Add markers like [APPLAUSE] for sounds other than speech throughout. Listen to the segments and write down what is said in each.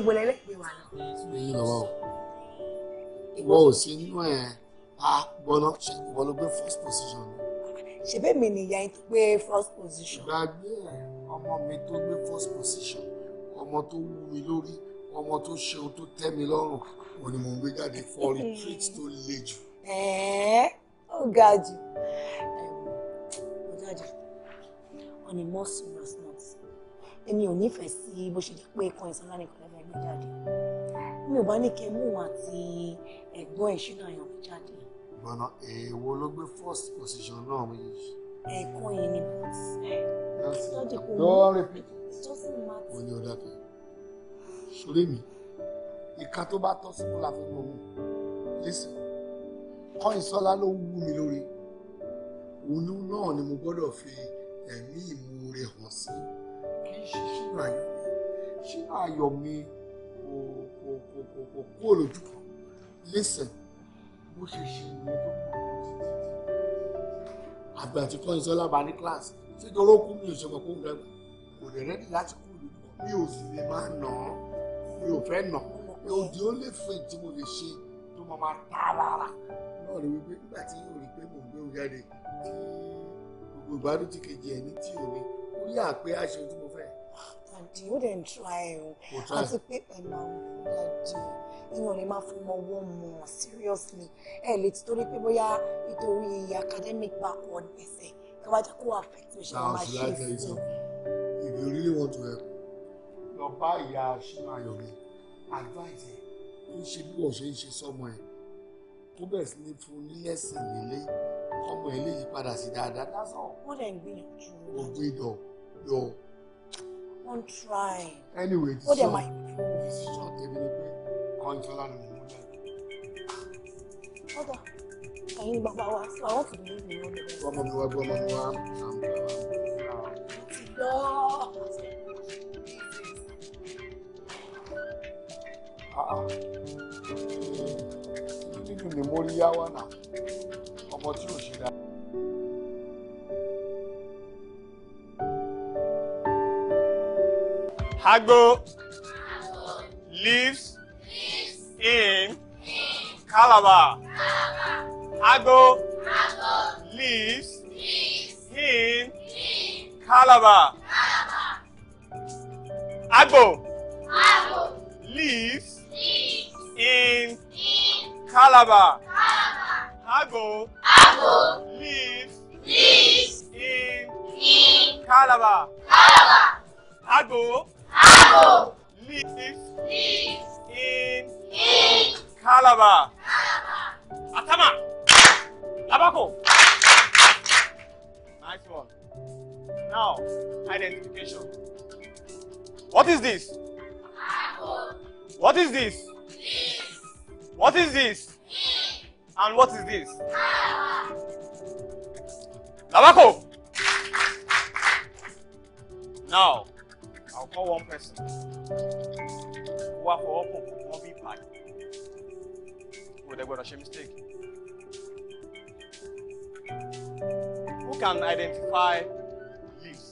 ibo lẹ́lẹ́gbẹ̀ẹ́ wà lọ. ẹyin lọ́wọ́ wọn ò sí nínú ẹ̀ gbé first position. ṣèbẹ́ mi nìyá yín gbé first position. gbàgbé ọmọ mi tó gbé first position ọmọ tó wú mi lórí ọmọ tó ṣe ohun tó tẹ́ mi lọ́rùn òun ni mò ń gbé jáde for [LAUGHS] retreat tó le jù. ẹ̀ẹ́ ó ga jù ọ̀dájà on a more serious note èmi ò nífẹ̀ẹ́ sí bó ṣe jẹ́ pé ikán ìsanlá nìkan mi jáde mi ò bá ní kí ẹ mú òun àti ẹ̀gbọ́n ẹ̀ ṣínà yàn mi jáde. gbọ́nà èèwọ̀ ló gbé first position náà mi. ẹ̀ẹ̀kan yẹn ni but lọ́jọ́ kò mú it doesn't matter. wọ́n ní ọ̀dà kan sórí mi ìka tó bá tọ́ sí kó la fi mọ̀ mọ́ listen Kọ́yìnsọ́lá ló wú mi lórí òun náà ni mo gbọ́dọ̀ fi ẹ̀mí ìmoore hàn sí kì í ṣe ṣínà ayọ̀ mi ṣínà ayọ̀ mi kò kò kò kò kú olójú kan lẹ́sẹ̀ bó ṣe ṣe ìyẹn tó kù àgbà tí kọ́ni sọ́lá bá ní kíláàsì tí dọ́rọ́ kú mi ò ṣe pọ̀ kó kò lè rẹ́dí láti kú olójú kan mi ò sì lè máa nà án mi ò fẹ́ nà án òdì ó lè fẹ́ tí mo lè ṣe tó máa máa tá a lára náà rí wípé nígbà tí yóò rí pé mò ń gbé òun jáde tí gbogbo ìgbádùn ti kejì ẹ̀ ní tí ò ní orí àpé àṣẹ ojú dáàdì ó dẹ̀ ń try o àti pé ẹ máa ń fún lè máa fún ọwọ́ mọ̀ seriously ẹ lè ti torí pé bóyá nítorí academic backward ẹsẹ̀ kí wọ́n jẹ́ kó affect ṣe máa ṣe é fún mi. If you really want to help lọ bá ìyá Ṣímáyọ̀mí advice ẹ̀ tó ń ṣe bí wọ́n ṣe ń ṣe sọ́mọ ẹ̀ tó bẹ̀rẹ̀ sí ní fún ní lẹ́sìn nílé ọmọ ẹ̀ lè yí padà sí dáadáa. wọ́n dẹ̀ ń gbìyànjú. ògbìn dọ̀ yọ on trying. anyway ti sọ ti sọ tèmi ni pé kọ́ńtọ́lá ni mo fẹ́. ọ̀dà ẹ̀yin ni bàbá so i want to be with you. gbọ́mọ mi wá gbọ́mọ mi wá. ti gbọ́. Títí ah, ah. ni mo rí yá wá náà, ọmọ tí ò Agbo lives, lives in, in Calabar. Agbo lives, lives in, in Calabar. Agbo lives, lives in, in Calabar. Agbo lives, lives in, in Calabar. Agbo Gao lives, in, in Calabar. Calabar. Atama. Labako. Nice one. Now, identification. What is this? Apple. What is this? Leaves. What is this? Leaves. And what is this? Calabar. Labako. Now, I'll call one person. Wá fọwọ́ kàn wọ́n bí ìpàdé. Kò dẹ̀ gbọ́dọ̀ ṣe mistake. Who can identify leaves?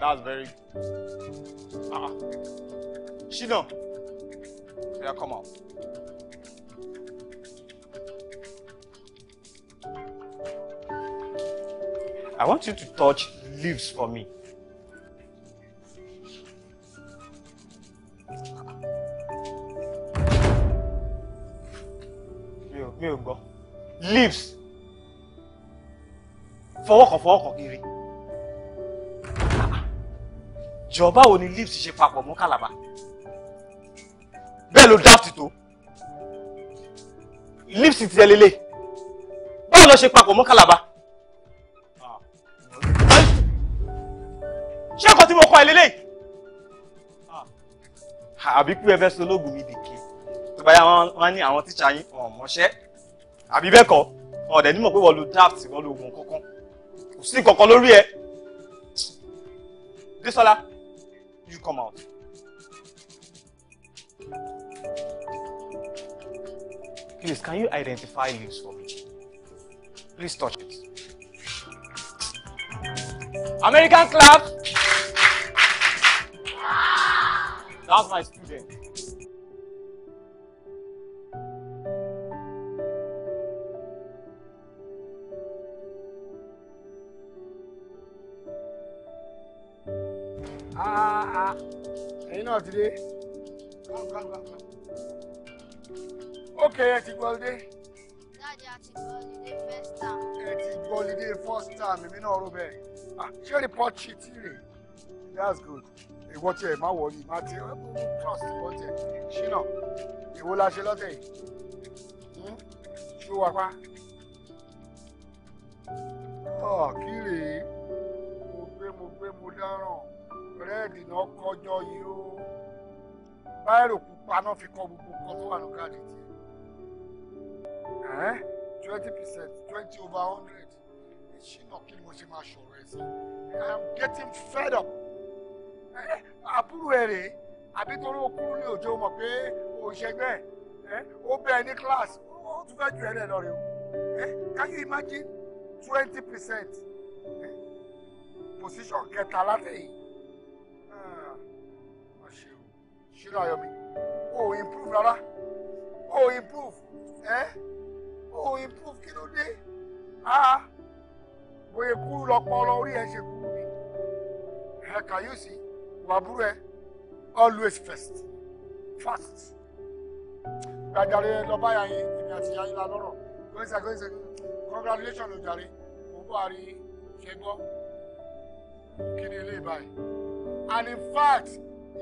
That's very good. Ah. Shino, yeah, come out. I want you to touch leaves for me. mi ò gbọ́ leaves fọwọ́kàn fọwọ́kàn kiri jọ báwo ni leaves ṣe papọ̀ mọ́ kàlàbà bẹ́ẹ̀ ló dáàtì tó leaves ti ẹ lélẹ̀ báwo ló ṣe papọ̀ mọ́ àbí pé ẹ fẹ́ mi dìkì tó bá wọn ní àwọn tíṣà yín wọn àbí bẹ́ẹ̀ kọ́ wọn pé wọ́n lo draft wọ́n lo oògùn kankan kò sí kankan lórí ẹ Dísọ́lá you come out. Please, can you identify leaves for me? Please touch it. American clap. That's my student. Ah, ah, ẹ̀yin náà ti dé. Okay, ẹ ti gbọ́ dé. Dáàdi, a ti gbọ́ lídé first time. Ẹ ti gbọ́ lídé first time, èmi náà rò Ah, she only put cheating. That's good ìwọ tiẹ̀ má wọ̀ yìí má ti eh, trust ìwọ tiẹ̀ ṣínà ìwo la ṣe lọ́tẹ̀ yìí hmm? ṣó wa pa. ọ̀ ah, kí rèé mo gbé mo gbé mo dáràn rẹ́ẹ̀dì náà kọjọ yìí ó báyìí pupa náà fi kọ gbogbo nǹkan tó wà ní káàdì tiẹ̀ twenty percent twenty over hundred ṣínà kí ni mo ṣe máa ṣọ̀rọ̀ ẹ̀ sí i am getting fed up àbúrò ẹ̀ àbí torí ó kúrú ní òjò mọ̀ pé òṣègbè ẹ̀ ó bẹ́ẹ̀ ní class ó tún fẹ́ ju ẹ̀rẹ̀ lọ rẹ̀ o ẹ̀ can you imagine twenty percent position kẹta látẹ̀yìn ọ̀ṣẹ̀ ah, o ṣírò ayọ̀mí o improve rárá o improve ẹ̀ o improve kí ló dé bóyá kúrú lọ pọ́ lọ orí ẹ̀ ṣe kúrú ni ẹ̀ can you see wà always first fast gbàjáre lọ́ba yà yín èmi àti yà yín la lọ́rọ̀ gbèsè gbèsè congratulation ló jàre mo bọ́ àrí ṣe gbọ́ ilé ìbáyìí and in fact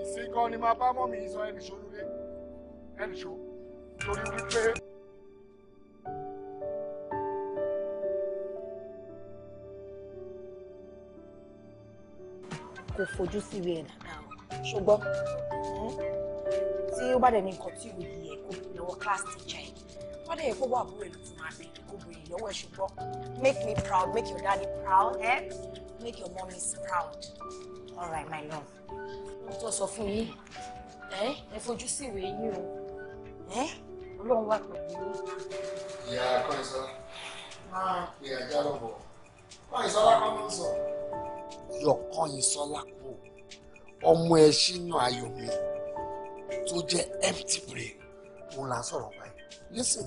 ìsìnkàn ni màá bá mọ́ mi sọ ẹnìṣó lulẹ̀ ẹnìṣó torí wípé. kó fojú sí ìwé ẹ̀ ṣùgbọ́n hm, tí ó bá dẹ̀ ní nǹkan tí ò yí ẹ kó bèrè lọ́wọ́ class teacher ẹ̀ wọ́n dẹ̀ yẹ kó wà búrẹ́ ló ti máa kó bèrè lọ́wọ́ ẹ̀ ṣùgbọ́n make me proud make your daddy proud eh? make your mommy proud all right my love mo tọ́ sọ fún yín ẹ fojú sí ìwé yín o ọlọ́run wà pẹ̀lú yín. ìyá kọ́ńsá máa ń pè àjálù bọ̀ kọ́ńsá lákọ́ ló ń sọ. Ọ̀kanyìnsọ́lá kú ọmọ ẹ Ṣínà Ayọ̀mí tó jẹ́ empty brain òun là ń sọ̀rọ̀ báyìí listen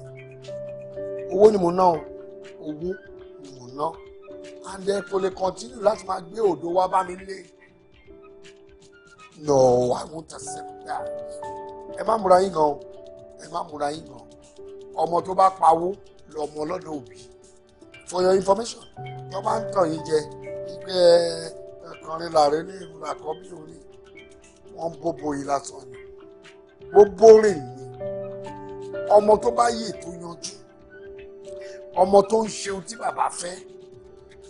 owó ni mo ná o owó ni mo ná and ẹ kò lè continue láti máa gbé òdo wá bá mi lé no I won't accept that ẹ má múra yín gan ẹ má múra yín gan ọmọ tó bá pawó lọmọ ọlọ́dọ̀ òbí for your information tó bá ń tàn yín jẹ ìgbẹ́ ẹ kọrin làrẹ ní ìlú àkọ́bí orí wọn bóbo yìí lásán ni ó bórìn ni ọmọ tó bá yè tó yanjú ọmọ tó ń ṣe ohun tí bàbá fẹ́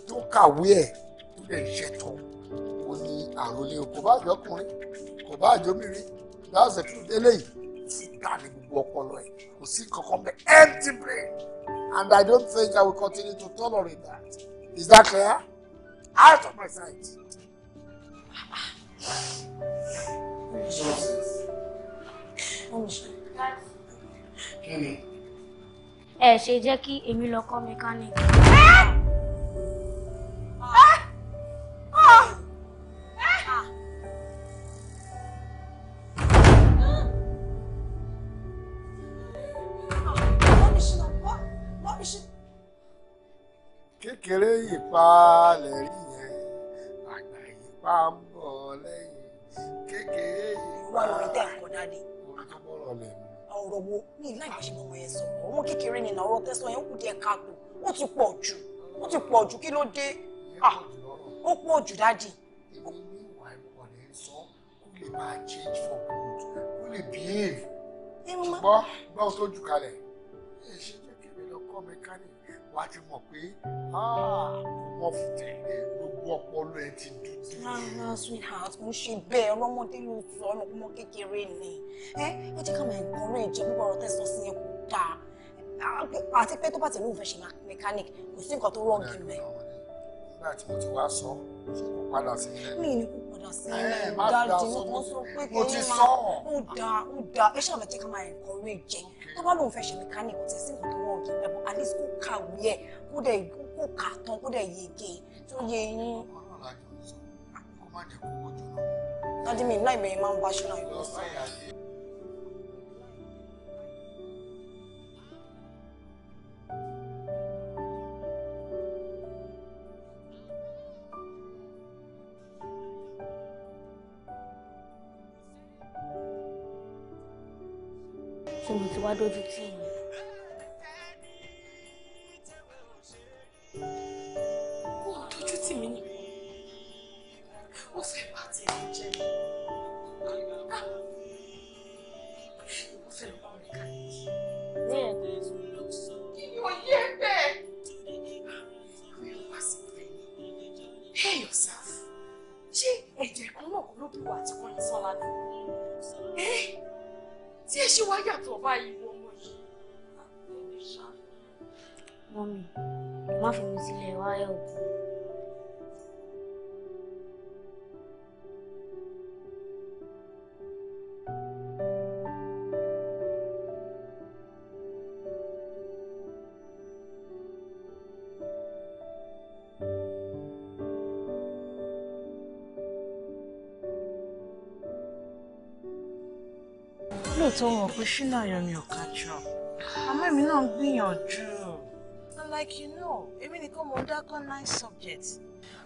tó kàwé ẹ̀ tó lè ṣètò ó ní àròlé kò bá àjọ ọkùnrin kò bá àjọ mìíràn láàṣẹ tó délé yìí síta ní gbogbo ọpọlọ ẹ̀ kò sí kankan bẹ empty brain and I don't think I will continue to tolerate that. Is that clear? Out of my sight ẹ ṣe jẹ́ kí èmi lọ kọ́ mẹkáníìkì. kékeré ìpalẹ̀ rí bá ń bọ̀ lẹ́yìn kékeré yìí. wà á lọ tẹ́ àkọ́dá ni. orí tó bọ́rọ̀ lẹ̀ mú. ọ̀rọ̀ wo ní ìlà ìbáṣepọ̀ ọmọ yẹn sọ̀rọ̀ ọmọ kékeré ni ìnáwó tẹ́sán yẹn ó kù díẹ̀ káàtó ó ti pọ̀ jù ó ti pọ̀ jù kí ló dé ó ah, pọ̀ jù dájì. èmi ní ìwà ìwọ̀n rẹ̀ sọ kó lè máa change for good kó lè behave. ṣùgbọ́n gbọ́ sójú kalẹ̀ ṣe jẹ́ kí lọ kọ́ mechanic wà á ti mọ̀ pé ọmọ ah, fùtẹ̀ gbogbo ọpọlọ ẹ ti dúdú. rárá sweetheart mo ṣe bẹ́ẹ̀ ọlọ́mọdé ló sọ ọmọ kékeré ni ẹ ẹ jẹ́ ká máa gbọ́nrẹ́ ìjẹ́ púpọ̀ ọ̀rọ̀ tẹ̀sán sí ẹ̀kọ́ dáa àti pé tó bá ti lóun fẹ́ ṣe mechanic kò sí nǹkan tó rọ́ọ̀gì mẹ́. nígbà tí mo ti wá sọ ṣe kò padà sí ilé. mi ni kò padà sí ilé dájú mo sọ pé kí n máa ó dáa ó dáa ẹ ṣàbẹ̀jẹ̀ ká máa encourage jẹ tó bá lóun fẹ́ ṣe mechanic kò sí nǹkan tó kí ẹ̀bùn at least kó kàwé ẹ̀ kó dẹ̀ kó kà tán kó dẹ̀ yege tó yẹ yín. ọ̀rọ̀ náà lájọ sọ kó má jẹ́ kó wojú náà. dádì mi láì bẹ̀rẹ̀ máa ń baṣọ náà yóò sọ. tí mo ti wá dójú tì yín. mọ̀ pé ṣínà ayọ̀ mi ò kájọ àmọ́ èmi náà ń gbìyànjú and like you know èmi nìkan mo dákọ́ nine subjects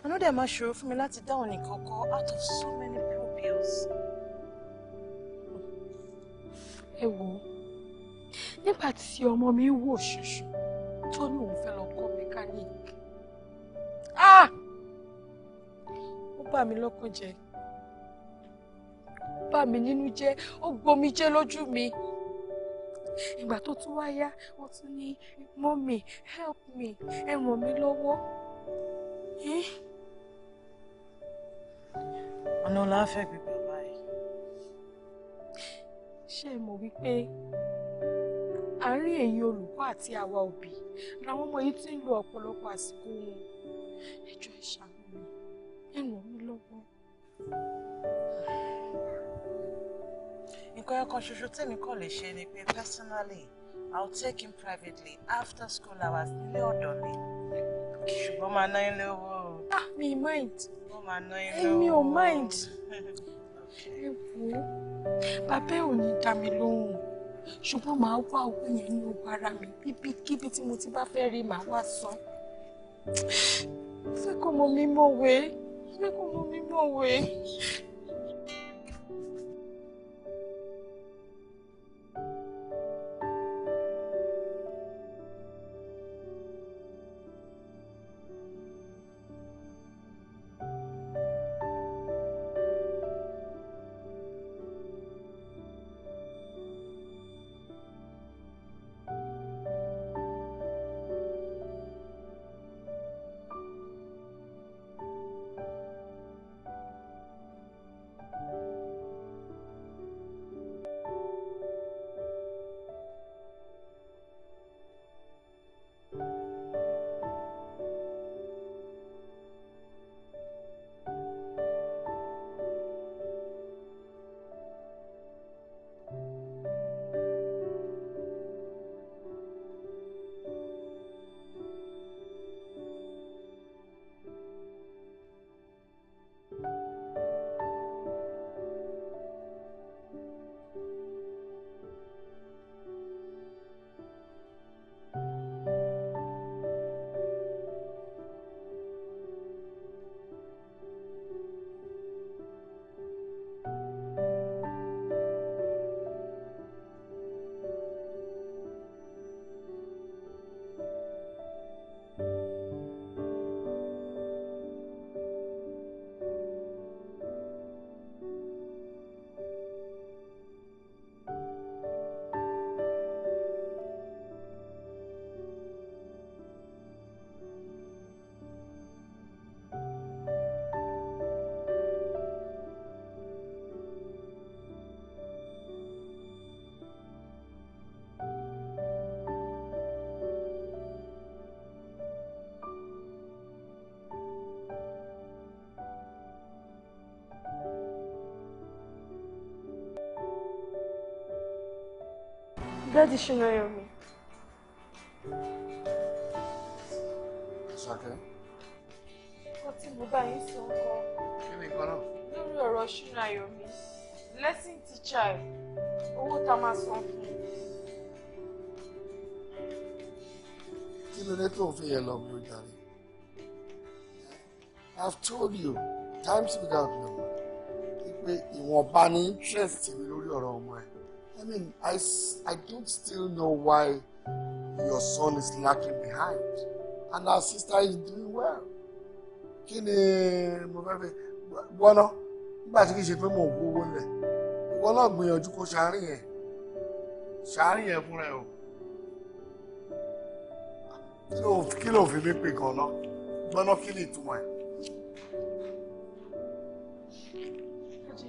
àná dẹ̀ máa ṣòro fún mi láti dáhùn nìkan kọ́ out of so many pupils. Hmm. ẹ wo nígbà tí ọmọ mi wò ṣoṣo tó ní òun fẹ́ lọ kọ́ mẹkáníìkì ah! ó bà mí lọ́kàn jẹ́ bà mí nínú jẹ́ ó gbomi jẹ́ lójú mi ìgbà tó tún wá yá wọ́n tún ní mọ́mì help me ẹ ràn mí lọ́wọ́. ọ̀nà ọ̀la fẹ́ gbé bàbá ẹ̀. ṣé ẹ mọ̀ wípé àárín ẹ̀yin olùkọ́ àti àwa òbí làwọn ọmọ yìí ti ń lo ọ̀pọ̀lọpọ̀ àsìkò wọn ẹjọ́ ìṣàánú ẹ ràn mí lọ́wọ́ nǹkan ẹ̀kan ṣoṣo tèmi kàn lè ṣe ni pé personally I'll take him privately after school hours nílé ọ̀dọ̀ mi ṣùgbọ́n máa ná ilé owó. Ah, mi mind èmi ò mind ẹ wò ó bàbá ò ní dá mi lóhùn ṣùgbọ́n màá wá owó yẹn ní owó ara mi bíbíkíbi tí mo ti bá fẹ́ rí màá wá san fẹ́ kọ́ mọ mi mọ̀ wé fẹ́ kọ́ mọ mi wé. Daddy Shinayomi. Sake. Nǹkan tí mo bá yín sọ nǹkan. Kí ni nǹkan náà? Lórí ọ̀rọ̀ lesson teacher ẹ̀, owó tá a máa san fún un. Kí ló dé I've told you times without number pé ìwọ̀nba ni interest mi mean, I, I don't still know why your son is lacking behind. And our sister is doing well. Kini, ni mo fẹ́ fi gbọ́ná nígbà tí kì í ṣe pé mò ń gbowó lẹ̀. Ìwọ náà gbìyànjú kó ṣàárín yẹn. Ṣàárín yẹn fúnra ẹ̀ o. Kí ló fi mí pè gan-an? kí ni ìtumọ̀ ẹ̀? Ó ti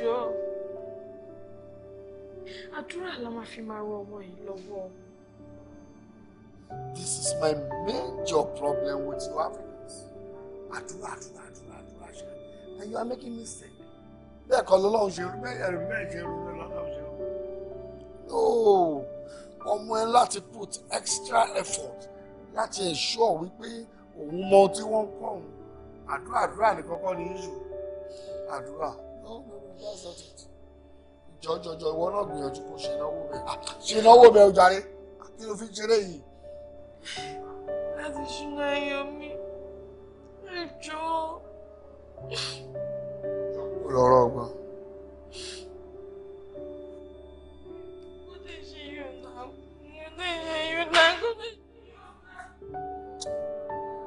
jọ àdúrà la máa fi máa rọ ọmọ yìí lọ́wọ́. This is my major problem with you Africans àdúrà àdúrà àdúrà àdúrà ṣe and you are making mistake bẹ́ẹ̀ kọ́ lọ́lọ́run ṣe rú bẹ́ẹ̀ ẹ̀rù bẹ́ẹ̀ ṣe rú bẹ́ẹ̀ ṣe rú. No ọmọ ẹ láti put extra effort láti ensure wípé òun mọ ohun tí wọ́n ń kọ́ òun àdúrà àdúrà nìkan kọ́ ni issue àdúrà no no no that's not it jọjọjọ ìwọ náà gbìyànjú kó ṣe ìnáwó rẹ ah, ṣe ìnáwó rẹ ojàre kí ló fi ṣeré yìí. láti ṣúná ẹyọ mi ẹjọ. lọ́rọ̀ ọgbọ́n.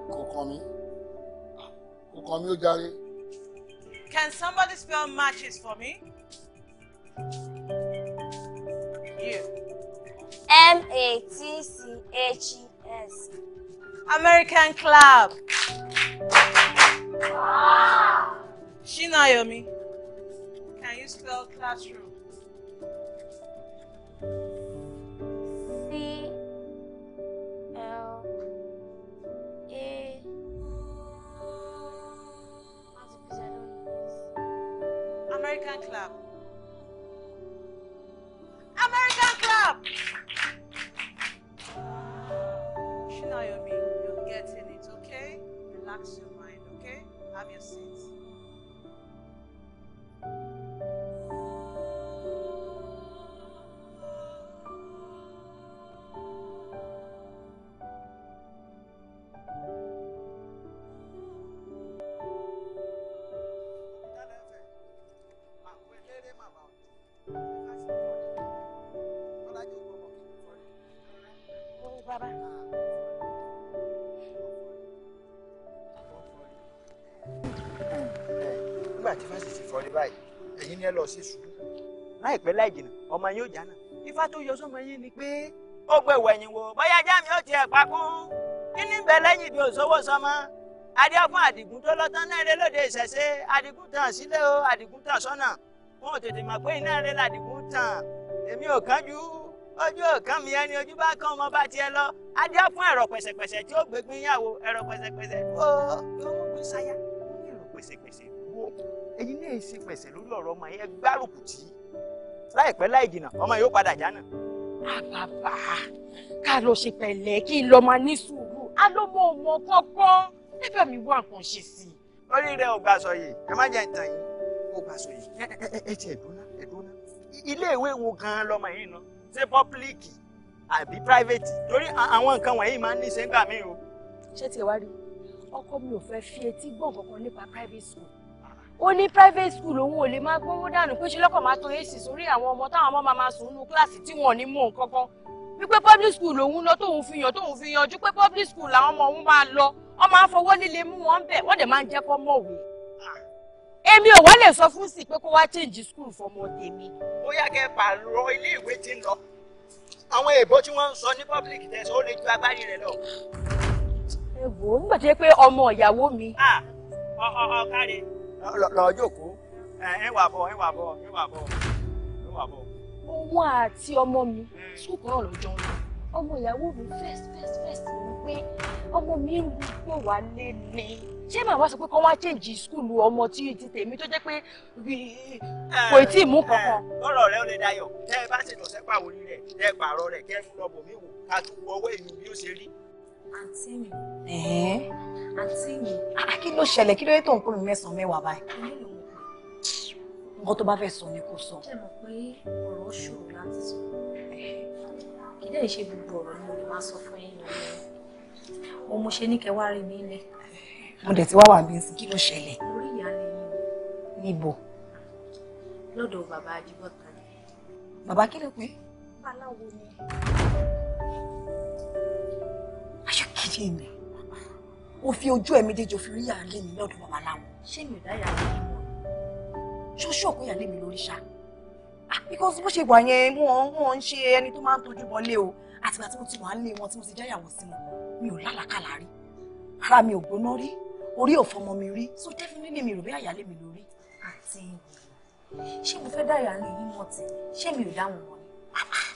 kò kàn mí kò kàn mí ojàre. Can somebody spell matches for me? You. M A T C H E S. American Club. Wow. Shinayomi, can you spell classroom? American club. American club. Shinayomi, you're getting it, okay? Relax your mind, okay? Have your seats. ẹ̀yin yẹn lọ sí sùúrù láìpẹ́ láì jìnnà ọmọ yín ò jáná ifá tó yọ sọmọ yín ni pé ó gbé wẹ̀yìn wò bóyá ajá mi ò tiẹ̀ pakú kí ní bẹ lẹ́yìn ibi òṣòwò sọmọ adé fún àdìgún tó lọ́tán náà eré lóde ìṣẹ̀ṣe àdìgún tàn sílé o àdìgún tàn sọ́nà wọn ò tètè mọ̀ pé iná eré làdìgún tàn èmi ò kánjú ojú ọ̀kan mi ẹni ojú bá kán ọmọ bá tiẹ̀ lọ adé fún ẹ̀rọ pẹ̀sẹ̀pẹ̀sẹ̀ tí ó gbégbé yàwó ẹ̀rọ pẹ̀sẹ̀pẹ̀sẹ̀ tó yóò mú gbé sáyà ó nílò pẹ̀sẹ̀pẹ̀sẹ̀ wo ẹ̀yin náà ṣe pẹ̀sẹ̀ lórí ọ̀rọ̀ ọmọ yẹn gbárùkù tí láìpẹ́ láì jìnnà ọmọ yóò padà jánà. àbàbà ká lọ ṣe pẹ̀lẹ́ kí lọ máa ní sùúrù á ló mọ ọmọ kankan ẹ bá mi wá nǹkan ṣe sí i. orí rẹ ò gbà sọ yìí ẹ má jẹ ìtàn yìí ò gbà sọ yìí ẹ ti ẹdúná ẹdúná ilé ìwé wo gan-an lọmọ yìí ná ṣé pọ́pílíìkì àbí private torí àwọn nǹkan wọ̀nyí máa ń ní sẹ́ńgbà mi o. ṣé tiẹ̀ wá rí ọkọ mi ò fẹ́ fi etí gbọ̀n kankan nípa private school ó ní private school òun ò lè máa gbówó dànù pé ṣe lọ́kọ̀ máa tan ac sórí àwọn ọmọ táwọn ọmọ máa sùn nínú kíláàsì tí wọ́n ní mú òun kankan wípé public school òun lọ tóun fi yàn tóun fi yanjú pé public school làwọn ọmọ òun máa lọ wọ́n máa ń fọwọ́ líle mú wọn bẹ̀ wọ́n dẹ̀ máa ń jẹ́ kọ́ mọ̀wé. èmi ò wá lè sọ fún sí pé kó wá change school fọmọ tèmi. ó yá kẹ́ pààrọ̀ ilé ìwé tí ń lọ àwọn èèbó tí wọ́n ń sọ ní public test ó lè ju agbárí rẹ̀ lọ. ẹ wò ó nígbà tó yẹ pé ọmọ ìyàwó mi. ọ̀ọ́ ah, ọ̀ọ́ káre lọ jókòó. ẹ wà bọ̀ ẹ wà bọ̀ ẹ wà bọ̀ ẹ wà bọ̀. òun àti ọmọ mi sùkúrọ̀ náà lọ́jọ́ ń lọ ọmọ ìyàwó mi fẹ́st fẹ́st fẹ́st mi pé ọmọ mi ń gbé wá lé ní ṣé màá wá sọ pé kọ́ wá chẹ́ǹjì skúlù ọmọ tí ti tèmi tó jẹ́ pé kò tí ì mú kankan. lọ́rọ̀ eh, eh, rẹ ó lè dayọ̀ tẹ́ ẹ bá ṣètò sẹ́pà wòlíì rẹ̀ tẹ́ ẹ pààrọ̀ rẹ̀ kẹ́ ẹ lọ bòmí wò ká tún wọ owó ìlú bí ó ṣe rí àǹtí mi. àǹtí mi. Ah, ah, kí ló ṣẹlẹ̀ kí ló yẹ tó ń pè mí mẹ́sàn-án mẹ́wàá báyìí. nǹkan tó bá fẹ́ sọ ni kò sọ. ṣé mo pé ọ̀rọ̀ ṣòro láti sọ kí lè ṣe gbogbo ọ̀rọ̀ ni mo lè máa sọ fún yín lọ́wọ́ mo mo ṣe ní kẹwàá rí mi lẹ. mo dẹ̀ ti wá wà bíi kí ló ṣẹlẹ̀. mo rí ìyá lẹ́yìn o. lọ́dọ̀ bàbá Ajíbọ̀tà. bàbá kí ló pé. báláwo ni ṣé mi ó fi ojú ẹ̀ méjèèjì ó fi rí ìyáálé mi lọ́dọ̀ babaláwo ṣé mi ò dá ìyáálé mi mọ̀ ṣóṣó ọ̀pọ̀ ìyáálé mi lórí ṣá ah, because bó ṣe wà yẹn mú wọn mú wọn ṣe ẹni tó máa ń tọ́jú bọlé o àtìgbà tí mo ti wà ń lé wọn tí mo ti jáyàwó sí wọn mi ò lálàkàlà rí ara mi ò gbóná rí orí ò fọmọ mi rí so definitely mi rò bí àyálé mi lórí àti ṣé mo fẹ́ dá ìyáálé yín mọ̀ tí ṣé mi ò dáhùn wọn ni. Ah, ah.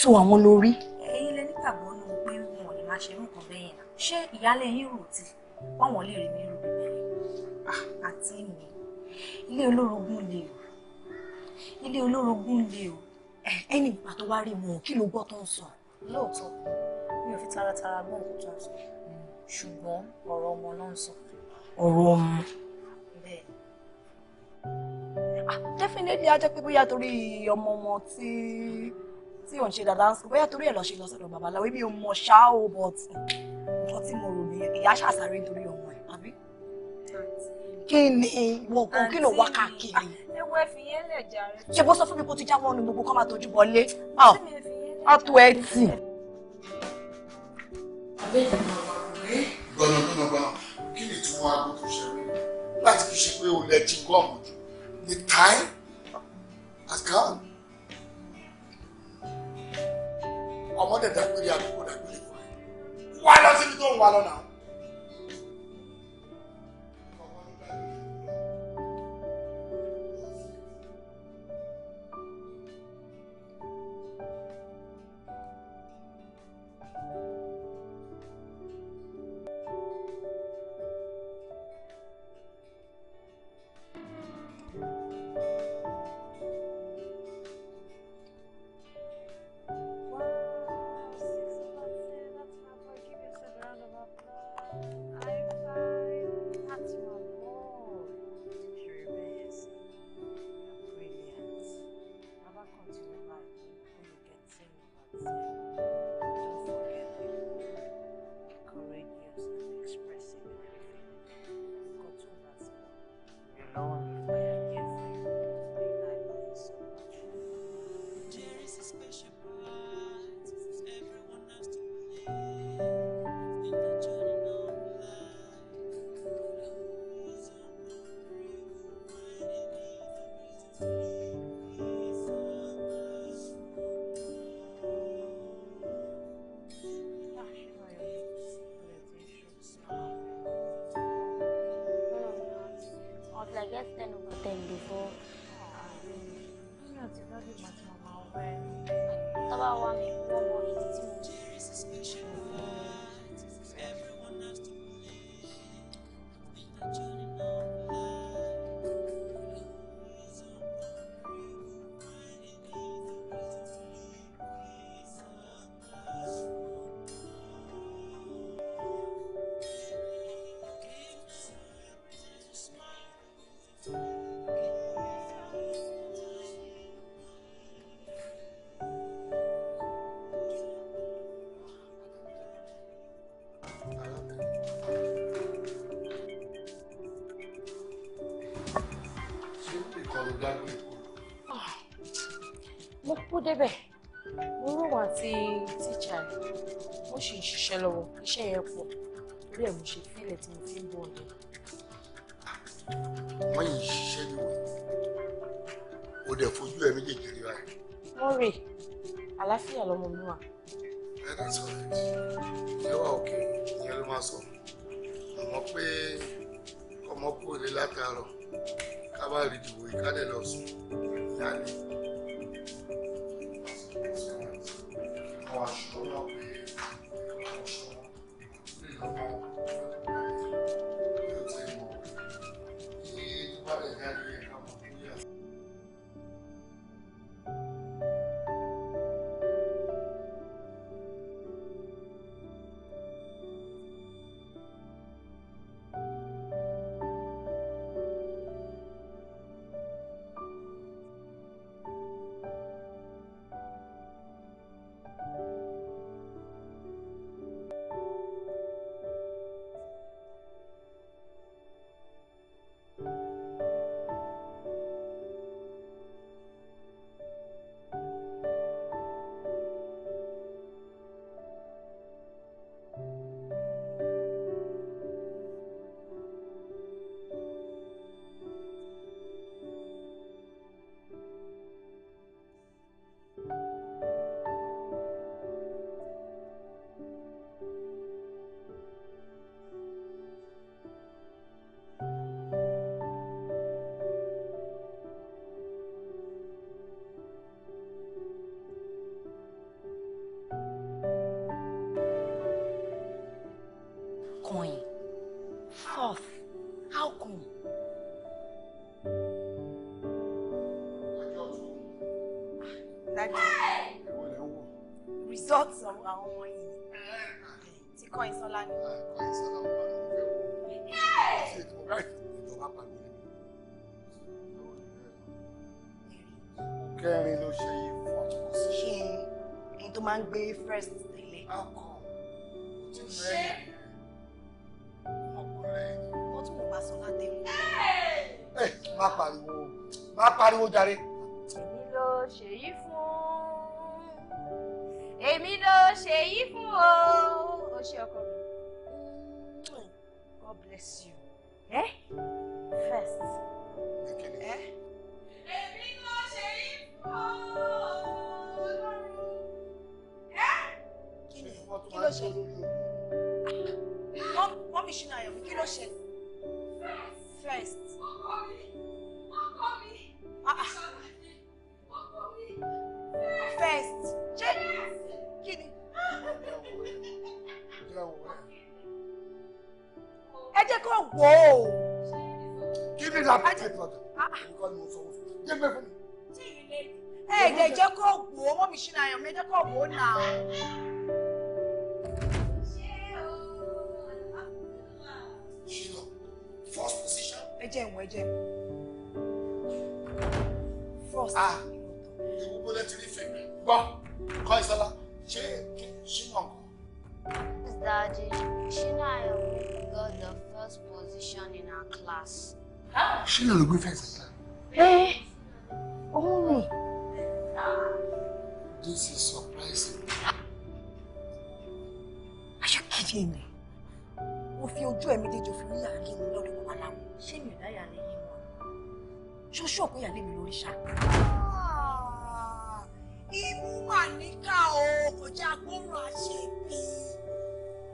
so àwọn lórí. ẹ̀yin lẹ nígbàgbọ́ nù pé máa ṣe irú nǹkan bẹ́yẹn náà ṣé ìyáálé yín rò tí báwọn lè rí mi rò ah, àti mi ilé olórogún le o ilé olórogún le o eh, ẹni ìgbà tó wá rí mu kí ló gbọ́ tó ń sọ. lóòótọ́ mi ò fi taratara gbọ́ nǹkan tó ń sọ ṣùgbọ́n ọ̀rọ̀ ọmọ náà ń sọ. ọ̀rọ̀ ọmọ. bẹ́ẹ̀ ah, definitely a jẹ́ pé bóyá torí ọmọ ọmọ tí tí ò ń ṣe dáadáa ń bóyá torí ẹ̀ lọ ṣe lọ sọ́dọ̀ babaláwo èmi ò mọ̀ ṣá o but nǹkan tí mo rò nìyẹn ìyá ṣàṣàrè nítorí ọmọ ẹ̀ àbí. kí ni ìwọ kan kí ló wá káàkiri. ewu ah, ẹ fi yẹn lẹ jàre. ṣé bó sọ fún mi kó ti jáwọ́ nu gbogbo kó máa tọ́jú bọlé. àtò ah, ẹ tì. gbọ́nà gbọ́nà gbà kí ni tí wọ́n á gbọ́ ṣe rí láti fi ṣe pé olè ti gọ́ọ̀mù ní time ọmọdé dàgbére àdúgbò dàgbére wà lọ síbi tó ń wà lọ náà. ṣe fílẹ̀ tí mo fi ń bọ̀ ni. wọ́n yìí ṣiṣẹ́ níwèé o dẹ̀ fojú ẹ méjèèjì rí báyìí. wọ́n rè àlàáfíà lọmọ mi wà. Eh, ẹ dà sọ rẹ ìyẹn òkè ìyẹn ló máa sọ àmọ́ pé ọmọ kúrò lé látàárọ̀ ká bá rí ìdìbò ìkádẹ lọ sùn ìyá ni. what is that? ń gbé first tẹ́lẹ̀. ọkọ ojú rẹ ọmọkùnrin wọn tún bá sọ látẹ̀wọ̀n. ẹ má pariwo má pariwo jàre. wishing I am medical now. First position. Ejem, ejem. First. Ah. Ìwọ bọ́lẹ̀ ti rí fèmí. Gbọ́, kọ́ ìsọ́lá, ṣé ṣínà kù? Daddy, Shinayo got the first position in our class. Huh? will got first. Hey, only. Ah. This is surprising. Are you kidding me? Mo fi ojú ẹ̀mí déjọ fi rí àárín mi lọ́dún kan aláwọ̀. Ṣé mi ò dáyà lè yí wọn? Ṣoṣo òkú ìyàlẹ́ mi lórí ṣá. Imú ah, mà níkà o, kò jẹ́ agbóhùn àṣebí.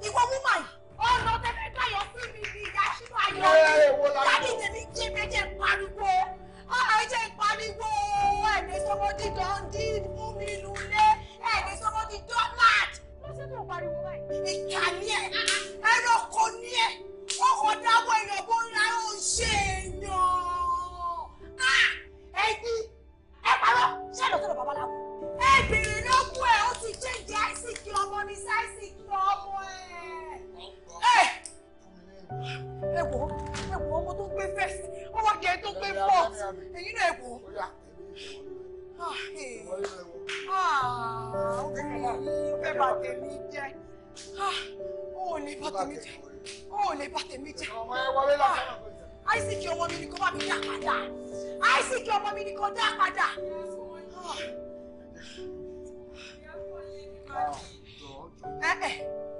Ìwọ mú mà yìí. Ọ̀nà tẹ̀mí káyọ̀ sí mi ni ìyá sínú ayọ̀ mi. Láti tẹ̀mí jẹ́ mẹ́jẹ̀ pariwo àìjẹ́ ìpariwo ẹ̀mí sọmọdé dundee mú mi lulẹ̀ ẹ̀mí sọmọdé donald ló ṣe tó pariwo báyìí. ìkà ni ẹ ẹranko ni ẹ ọkọ̀ dáwọ́ èèyàn bó ńlá ó ń ṣe èèyàn ah! ẹ̀yin ẹ parọ́ ṣé lọ́tọ̀ lọ babaláwo. ẹ bèrè lọ́gùn ẹ̀ ó ti ṣèǹjẹ́ àìsíkì ọmọ ní sáìsíkì ọmọ ẹ̀. Eh! ẹ wò ẹ wò ọmọ first ọmọ kẹ tó gbé fourth ẹ̀yin náà ẹ wò. Ah, ah, ó fẹ́ bà tèmi jẹ́ ah, ó lè bà tèmi jẹ́ ó lè bà tèmi jẹ́ àìsíkì ọmọ mi ni kò bá mi dá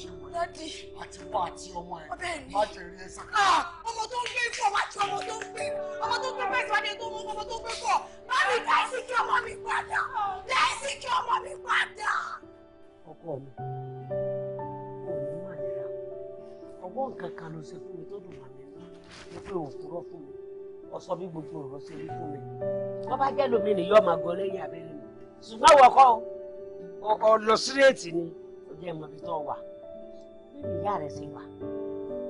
ṣe wẹ̀. dádì. àti wá àti ọmọ ẹ. ọbẹ̀ ni má jẹ rí ẹ sá. Ah! ọmọ tó ń gbé fún ọmọ àti ọmọ tó ń gbé ọmọ tó ń gbé fún ìwádìí tó ń mú ọmọ tó ń gbé fún ọ. mami láìsí kí ọmọ mi padà láìsí kí ọmọ mi padà. ọkọ mi ò ní má nira ọgbọ́n nǹkan kan ló ṣe fún mi tó dùn mọ́ mi ní pé òkúrọ̀ fún mi ọ̀sọ́ bí gbogbo ọ̀rọ̀ ṣe rí fún mi wọ́n bá jẹ́ lómi nìyọ́ ọmọ àgọ́ lẹ́yìn abẹ́rẹ́ mi ṣùgbọ́n wọ́kọ́ ọ lọ síréètì ni ó jẹ́ ìmọ̀ ibi tó wà níbi ìyá rẹ̀ sì wà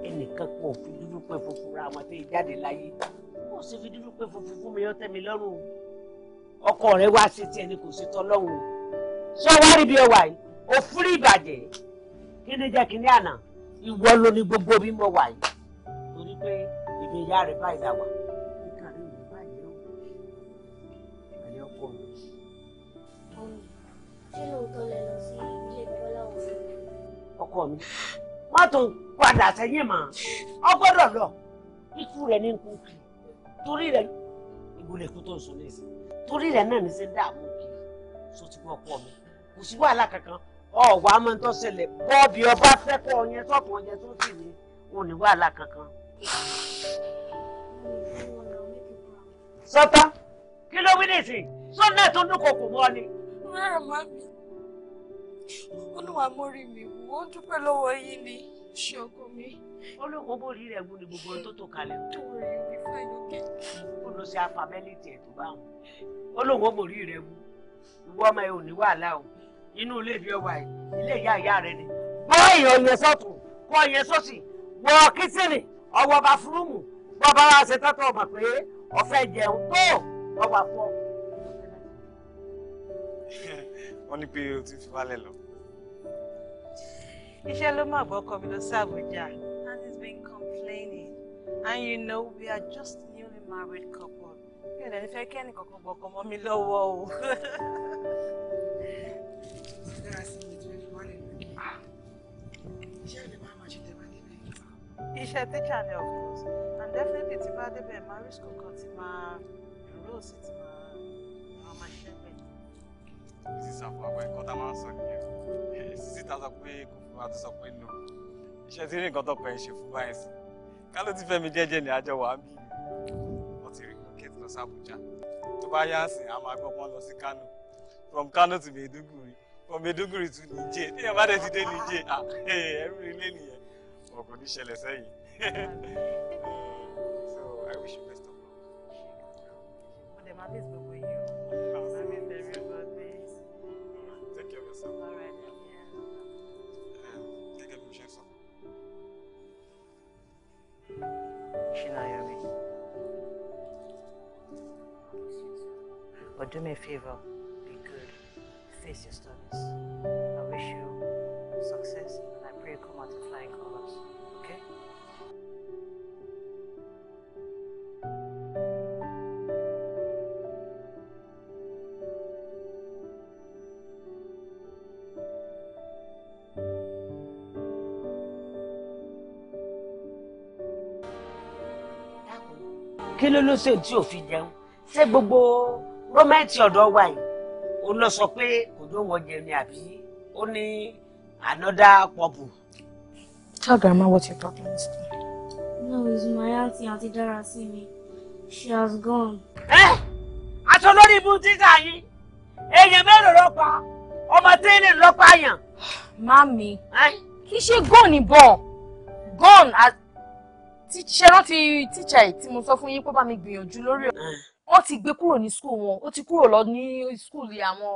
ẹnìkan kan ò fi dúdú pẹ́ funfun ra àwọn tó yẹ jáde láyé ó sì fi dúdú pẹ́ funfun fún mi ọtẹ́ mi lọ́rùn ọkọ rẹ̀ wá sí tiẹ̀ ni kò sí tọ́lọ́run ṣé wàá rí bí ẹ wà yìí ó fúrí ìbàjẹ́ kí ni jẹ́ kí ni àná ìwọ ló ní gbogbo bí mo wà yìí torí pé ìbí ìyá rẹ̀ báyìí dà wà. kí ló ń tọ́lẹ̀ lọ sí ọkọ mi má tún padà sẹ́yìn mọ́ ọ gbọ́dọ̀ lọ ikú rẹ ní nkú kiri torí rẹ ìgbòlè kú tó ń sọ lẹ́sìn torí rẹ náà ní sẹ́ dààmú kiri so ti gbọ́ ọkọ mi kò sí wàhálà kankan ọ̀wá máa ń tọ́ ṣẹlẹ̀ bọ́ọ̀bì ọba fẹ́kọ̀ ọyẹn tọ́kùn ọyẹn tó sì ní wọn ní wàhálà kankan. sọta kí ló wí nìsín sọ náà tó dúnkokò mọ́ ni. rárá màmí olúwa mórí mi wò ó dúpẹ́ lọ́wọ́ yín ni ṣe ọkọ mi. olóko bórí rẹ gún ni gbogbo tó tó kalẹ̀. tó rí ibi fáyọkẹ. ó lọ sí afamẹ́lì tiẹ̀ tó bá wọn. olóko bórí rẹ gún ìwọ ọmọ ẹ ò ní wàhálà o inú ilé ìbí ọwà ẹ ilé ìyá ìyá rẹ ni. gbọ́ èèyàn yẹn sọ́tún kọ́ yẹn sósì wọ kìtìnì ọwọ́ bá fúrúmù bọ́ bá wá ṣe tọ́tọ̀ ọmọ pé ọ̀fẹ́ jẹun tó ọwọ́ àpọ̀. Yeah wọ́n ní pé o ti fi wálẹ̀ lọ. iṣẹ́ ló máa gbọ́ ọkọ mi lọ sí Àbújá and he's been complaining and you know we are just newly married couple mi ò dẹ̀ ní fẹ́ kí ẹnì kankan gbọ́ ọkọ mọ́ mi lọ́wọ́ o. iṣẹ́ tíjà ni of course and definitely ti bá débẹ̀ marriage kankan ti máa rose ti máa sì sá fún wa pé nǹkan tá a ta sọ pé kò fún wa tó sọ pé no iṣẹ́ tí rí ṣe fún báyìí sí ká ti fẹ́ mi jẹ́jẹ́ ní àjọ wà á bí rí kọ́kẹ́tì lọ sí tó bá yá sí a máa lọ sí Kánò from Kánò to Maiduguri from Maiduguri to Niger níyàn bá dẹ̀ ti dé Niger ah eh, ẹ̀rù ilé nìyẹn ọ̀gbọ̀n ní ṣẹlẹ̀ sẹ́yìn [LAUGHS] so I wish you best of luck. do me a favor. Be good. Face your studies. I wish you success and I pray you come out in flying colors. Okay? kí ló ló ṣe tí ò fi jẹun ṣé gbogbo gọ́ọ̀mẹ̀ntì ọ̀dọ̀ wa yìí ó lọ sọ pé kò dó wọn jẹ ni àbí ó ní another purple. Tell grandma what you're talking about. No, it's my auntie, Auntie Darasimi. She has gone. Eh? Àtọ́lórí ibú títà yìí, èèyàn mélòó ló pa, ọmọ tẹ́lẹ̀ ló pa yàn. Mami, kì í ṣe gone ni bọ̀, gone as ṣe rántí tíṣà ẹ̀ tí mo sọ fún yín pé bá mi gbìyànjú lórí ọ̀rọ̀ ó ti gbé kúrò ní skul wọn ó ti kúrò lọ ní skul àwọn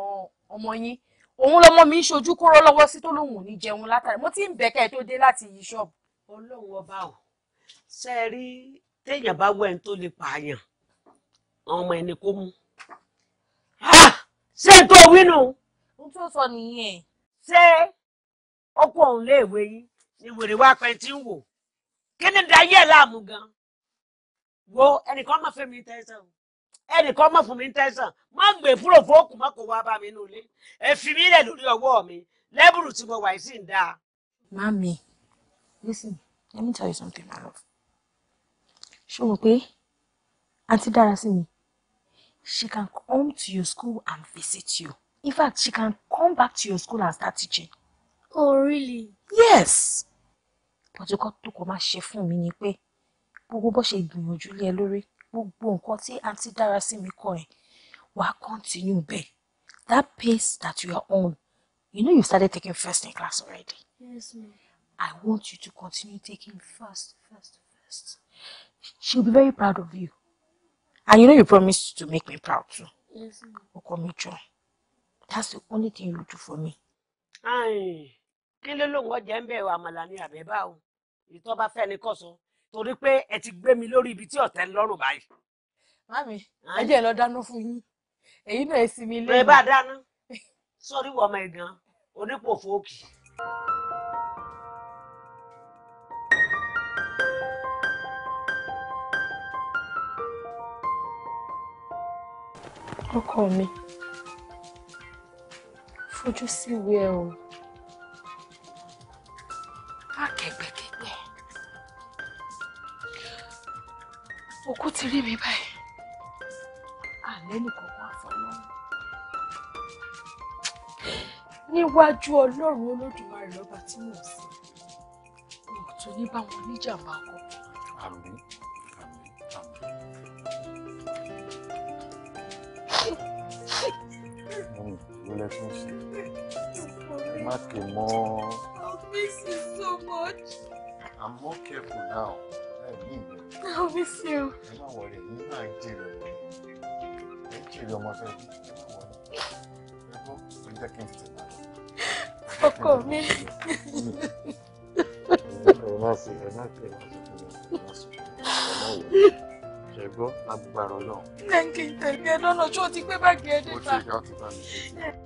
ọmọ yín òun lọmọ mi ń ṣojú kóró lọ́wọ́ sí tó lóun ò ní jẹun látàrí mo ti ń bẹ̀ kẹ́ ẹ tó dé láti yí ṣọ́ọ̀bù. olóhùn ọba ò ṣe é rí téèyàn bá wẹ̀ ń tó lè pààyàn ọmọ ẹni kó mú. ṣé tó wínú. ohun tó sọ nìyẹn. ṣé ọkọ òun léèwé yín ni wèrè wá pẹ́ tí ń wò kí ni dayé láàmú gan wo ẹnìkan máa fẹ́ mi tẹ́ ẹnìkan mọ̀ fún mi ń tẹ̀sán má gbé fúrò fóòkù mọ́ kó wá bá mi nulẹ̀ ẹ fi mí lẹ̀ lórí ọwọ́ mi lẹ́bùrù tí mo wà yìí sì ń dáa. Mami, listen, let me tell you something, my love. Ṣé o mọ̀ pé àǹtí dára sí mi? She can come to your school and visit you. In fact, she can come back to your school and start teaching. Oh, really? Yes. Pọ̀jọ́kọ́ tó kọ́ máa ṣe fún mi ni pé gbogbo bó ṣe gbìyànjú lé ẹ lórí gbogbo nǹkan tí àǹtí Dárasími kọ yẹn wàá continue bẹ́ẹ̀ that pace that you are on you know you started taking first in class already. yes ma'am. I want you to continue taking first first first she'll be very proud of you and you know you promised to make me proud too. yes ma'am. ọkọ mi that's the only thing you do for me. kí ló lóun ọjà ń bẹ̀rù àmàlà ní àbẹ̀bá o ìtọ́ bá fẹ́ ni kò sọ torí pé ẹ ti gbé mi lórí ibi tí ọ̀tẹ̀ lọ́rùn báyìí. Mami, ẹ jẹ́ lọ dáná fún yín. Èyí náà ẹ sinmi lé. Bẹ́ẹ̀ bá dáná. Sọ́rí wọ̀mọ̀ ẹ̀gàn, onípò fòókì. ọkọ mi fojú sí ìwé ẹ o. ti rí mi báyìí àlẹ́ nìkan wà fọlọ́run níwájú ọlọ́run olódùmarè lọ́ba tí mò ń sìn mo tún ní báwọn oníjàmbá kọ. àmín àmín àmín. mọ́mí ló lẹ́ fún sí i má kè mọ́. I miss you so much. I'm more careful now. I miss you. ẹ má wọlé ní máa jèrè ọmọ ẹ jèrè ọmọ fẹ bí ẹ má wọlé ẹ kọ́ ẹ jẹ́ kí n tètè máa lọ. ọkọ mi. ẹ má sí ẹ má pè wá sí ẹ má sùn ẹ má wọlé ẹ gbọ́ agbára ọlọ́run. lẹ́ǹkì tẹ̀lé ẹ lọ́nà tí o ti gbé báàgì ẹ dé ta. mo ti ìyá ọtí bá mi ṣe.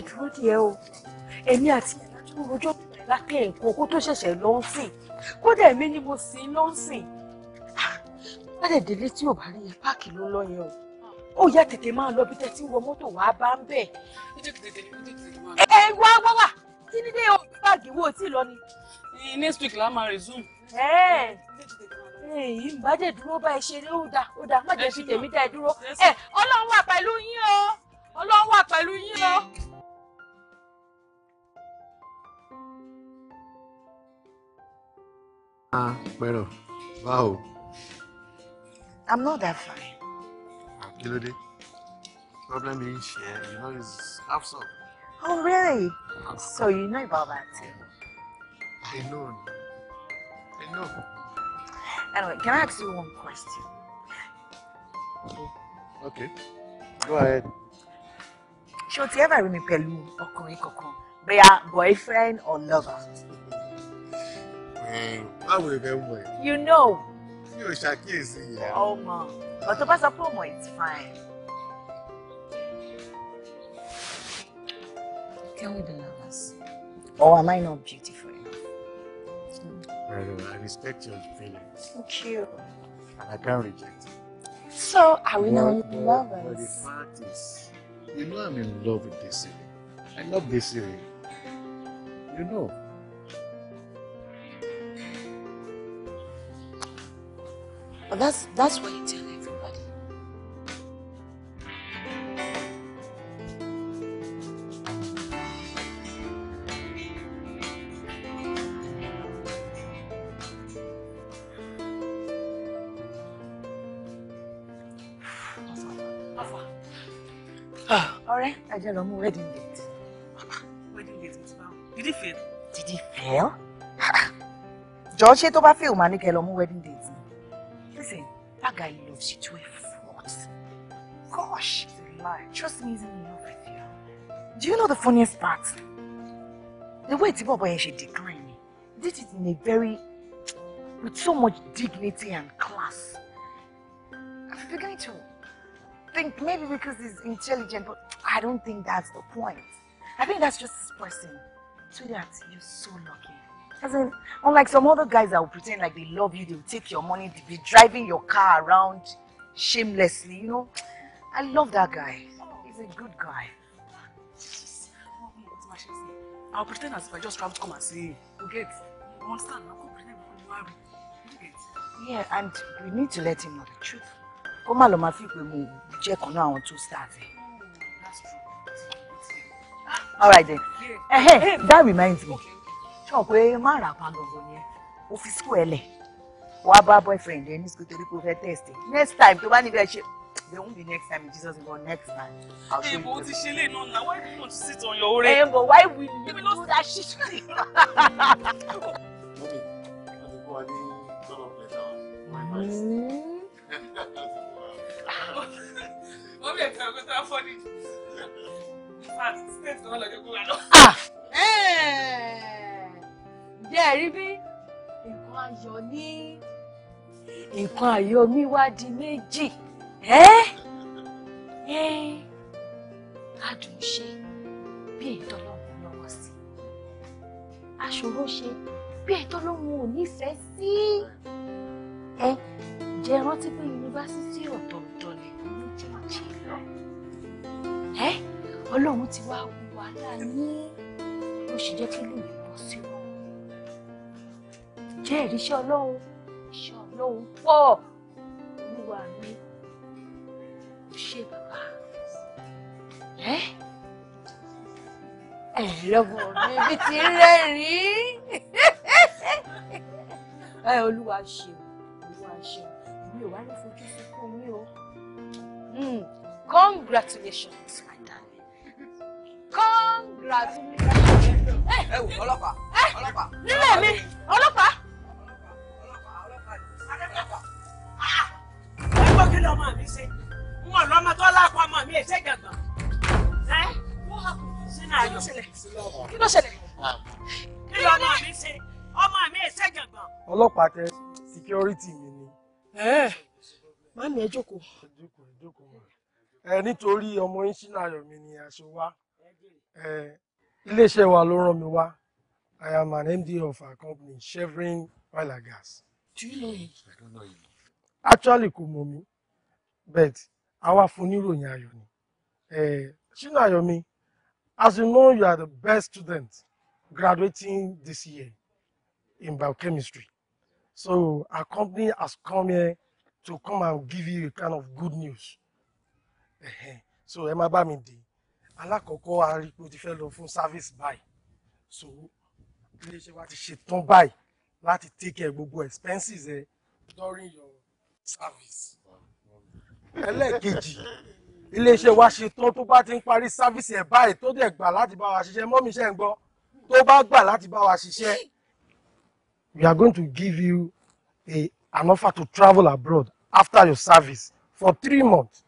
dẹ̀ dúró díẹ̀ o èmi àti ẹ̀rọ tó rojọ́ lápẹ́ nǹkan kó tó ṣẹ̀ṣẹ̀ lọ ń sìn kódà èmi ni mo sì lọ ń sìn ládẹ̀ délé tí ò bá rí yẹn páàkì ló lọ yẹn o ó yá tètè máa lọ bí tẹ tí ń wọ mọ́tò wá bá ń bẹ̀. ẹ wá wá wá tí nílé o báàgì wo tí lọ ni. next week la máa resume. ẹ èyí ń bá dẹ̀ dúró bá ẹ ṣeré ó dáa ó dáa má jẹ́ fi tèmi dá ẹ dúró ẹ ọlọ́run wà pẹ̀lú yín o ọlọ́run wà pẹ̀lú yín o. Ah, Pẹ̀rọ̀, wow. I'm not that fine. Ah, kí Problem yìí ń you know it's half Oh really? So you know about that too? I know. I know. Anyway, can I ask you one question? Okay. Go ahead. Ṣé o ti ever rí mi pẹ̀lú ọkùnrin Be a boyfriend or lover? Hmm, báwo ìfẹ́ mọ̀ ẹ́. you know. mi ò ṣàkíyèsí yẹn. ọmọ oh, ọ̀tọ̀ bá sọ pé ọmọ it's fine. Can we be lovers. Or am I not beautiful enough? Hmm? Well, I respect your feelings. Thank you. And I can't reject it. So, are we now lovers? But the fact is, you know I'm in love with Desiree. I love Desiree. You know. But that's that's what you tell everybody. Ọ̀rẹ́, ẹ jẹ́ lọ wedding date. Wedding date mo ti Did he fail? Did he fail? Ah, ah. Jọ̀ọ́ ṣé tó bá fail, màá ní kẹ́ lọ wedding date. loves you to a fault. Gosh, he's a lie. Trust me, he's in love with you. Do you know the funniest part? The way Tibo Boyeshi declined me, did it in a very, with so much dignity and class. I'm beginning to think maybe because he's intelligent, but I don't think that's the point. I think that's just his person. Sweetheart, you're so lucky. As in, unlike some other guys that will pretend like they love you, they'll take your money, they'll be driving your car around shamelessly, you know. I love that guy. He's a good guy. I'll pretend as if I just traveled to come and see you. get? You understand? I'll come pretend before you marry. You get? Yeah, and we need to let him know the truth. Come along, my feet will move. Check on kan náà àwọn two stars. Oh, that's true. All right then. Yeah. Hey, hey, that reminds me. Okay sọ pé má rà pa gbogbo yẹn ó fi school ẹ lẹ̀ boyfriend ẹ ní school torí pé ó test next time tó bá níbẹ̀ ṣe there won't be next time Jesus name next time. Hey, but what is she laying on now? Why do you not sit on your own? Hey, eh, but why will you do that shit? Ah! Hey! jẹ́ ẹ̀rí bí nǹkan ayọ̀ ní nǹkan ayọ̀ mi wá di méjì ẹ́ ẹ́ adùn ṣe bí ìtọ́lọ́hún lọ́wọ́ sí aṣòro ṣe bí ìtọ́lọ́hún ò nífẹ̀ẹ́ sí ẹ jẹ́ rántí pé yunifásítì ọ̀tọ̀ọ̀tọ̀ lè ní méjèèjì lọ ẹ ọlọ́run ti wá wà láàyè ó sì jẹ́ kí lóyún bọ́ sí o jẹ́ ìríṣẹ́ ọlọ́run ìṣẹ́ ọlọ́run pọ̀ olúwa mi ò ṣe bàbá ẹ ẹ lọ́mọ mi bí ti rẹ́rìn ẹ olúwa ṣe olúwa ṣe mi ò wá ní fojú sunkún mi o hmm, congratulations my darling congratulations. ẹ wò ọlọ́pàá ọlọ́pàá. nílẹ̀ mi ọlọ́pàá ẹgbẹ́ kí lọ́mọ mi ṣe ń mọ̀ lọ́mọ tó lápá ọmọ mi èsè gàngàn ẹ́ sínú ayọ̀ kí ló ṣẹlẹ̀ kí lọ́mọ mi ṣe ọmọ mi èsè gàngàn. ọlọ́pàá tẹ síkírọ́rìtì mi ni. ẹ jókòó. ẹ ẹ jókòó ẹ nítorí ọmọ yín mi ni àṣọ wa iléeṣẹ́ wa ló rán mi wá I am an MD of our company Chevron Oil and Gas. Do you know him? I don't know him. Actually, Kumomi, But our fún oníròyìn ayọ̀ ni. Ṣínà eh, Ayọ̀mí, as you know, you are the best student graduating this year in biochemistry. So our company has come here to come and give you a kind of good news. So ẹ má bá mi dé. Alákọ̀ọ́kọ́ a service by. So iléeṣẹ́ wa ti Don't buy láti take care gbogbo expenses ẹ during your service. ẹlẹ́ẹ̀kejì iléeṣẹ́ wa ṣe tán tó bá ti ń parí sáfíìsì ẹ̀ báyìí tó dẹ̀ gbà láti bá wa ṣiṣẹ́ mọ́mí iṣẹ́ ń gbọ́ tó bá gbà láti bá wa ṣiṣẹ́ we are going to give you a, an offer to travel abroad after your service for three months.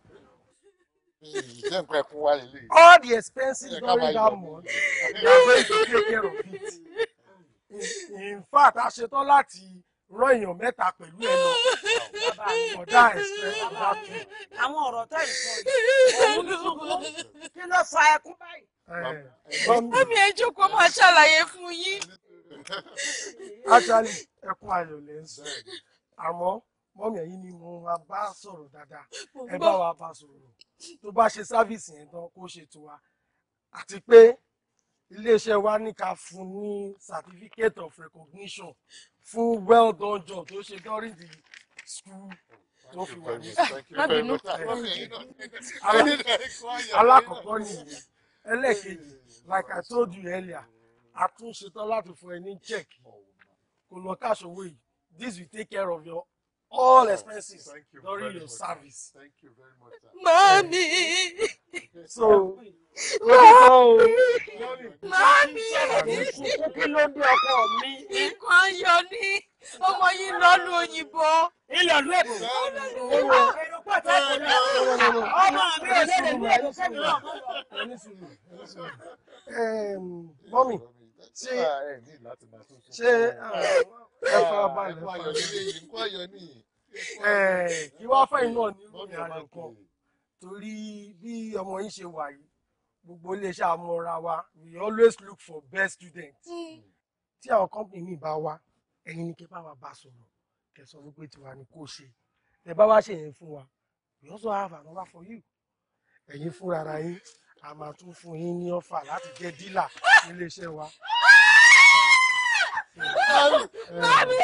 all the expenses during that month you are going take care of it in fact a ṣetán láti rán èèyàn mẹ́ta pẹ̀lú ẹ̀ lọ bàbá ọ̀dà ẹ̀sẹ̀ bàbá tù. àwọn ọ̀rọ̀ tẹ̀ ń sọ yìí òun ló kí ló fa ẹkún báyìí. ẹ̀mí ẹjọ́ kó máa ṣàlàyé fún yín. actually ẹkún ayọ̀ lè ń sọ ẹ̀ àmọ́ mọ́mí ẹ̀yìn ni mo máa bá sọ̀rọ̀ dáadáa ẹ bá wa bá sọ̀rọ̀ tó bá ṣe sáfíìsì yẹn tán kó ṣètò wa àti pé iléeṣẹ́ wa ní ká fún ní certificate of recognition fún well done job tó ṣe during the school tó fi wà ní ìlú. alákọ̀ọ́kọ́ nìyí ẹlẹ́ẹ̀kejì like I told you earlier a tún ṣetán láti fún ẹ ní check kò lọ cash owó yìí this will take care of your all expenses you during your much. service. Thank you very much. Mami so [LAUGHS] mami kí ló dé ọkọ mi. nǹkan yọ ní ọmọ yìí lọ́nu òyìnbó. ilé ọdún èbò. ọmọ mi ò lè lè lè mọ́mì ṣé ṣé ẹ fara balẹ̀ fún mi. kí wàá fẹ́ inú ọ̀ ní ìròyìn àlùkò torí bí ọmọ yín ṣe wà yìí gbogbo iléeṣẹ́ amọ̀ra wa we always look for best students hmm. tí àwọn company mi bá wá ẹ̀yin ni kẹ́ bá wa bá sọ̀rọ̀ kẹ́ sọ wípé tiwa ni kò ṣe ẹ bá wá ṣe yẹn fún wa we also have another for you ẹ̀yin fúnra ara yín a máa tún fún yín ní ọ̀fà láti jẹ́ dílà níléeṣẹ́ wa. Mami! Mami!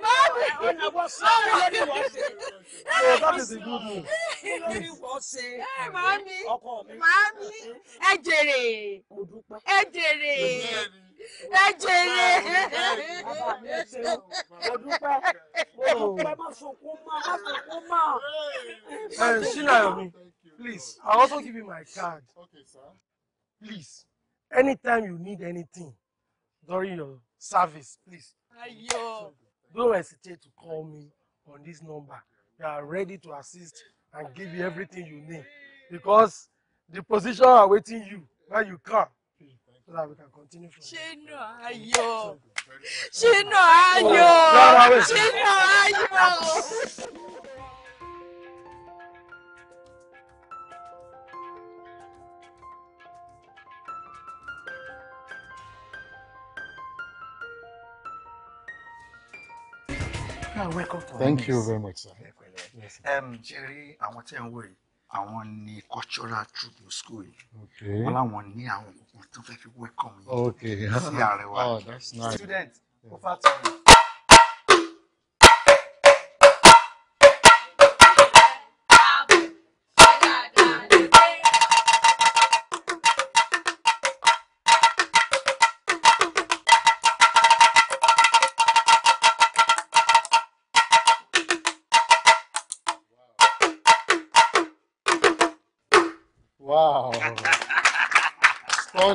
Mami! That is the good news kí ló ní wọ́n ṣe ọkọ mi. màámi ẹ jèrè ẹ jèrè ẹ jèrè. mo dúpẹ́ mo dúpẹ́ yomi please i also give you my card okay, sir. please anytime you need anything during your service please Ayo. don't hesitate to call me on this number. They are ready to assist and give you everything you need because the position awaiting you where you come so that we can continue from there. Ṣínú ayọ̀ Ṣínú ayọ̀ Ṣínú ayọ̀. Ah, welcome to Thank you very much, sir ṣe rí àwọn tẹ̀ ń wò yìí àwọn ni cultural tribute school yìí wọn làwọn ní àwọn òkun tó fẹ́ fi welcome yìí sí ààrẹ wa oh, student over time.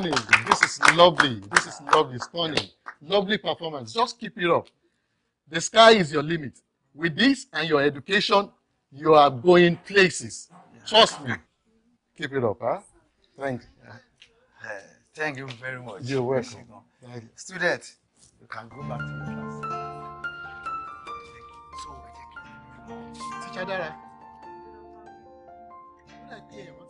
stunning. This is lovely. This is lovely. Stunning. Lovely performance. Just keep it up. The sky is your limit. With this and your education, you are going places. Trust me. Keep it up, huh? Thank you. Uh, thank you very much. You're welcome. Thank you. Student, you can go back to your class. So, you teacher Dara. What I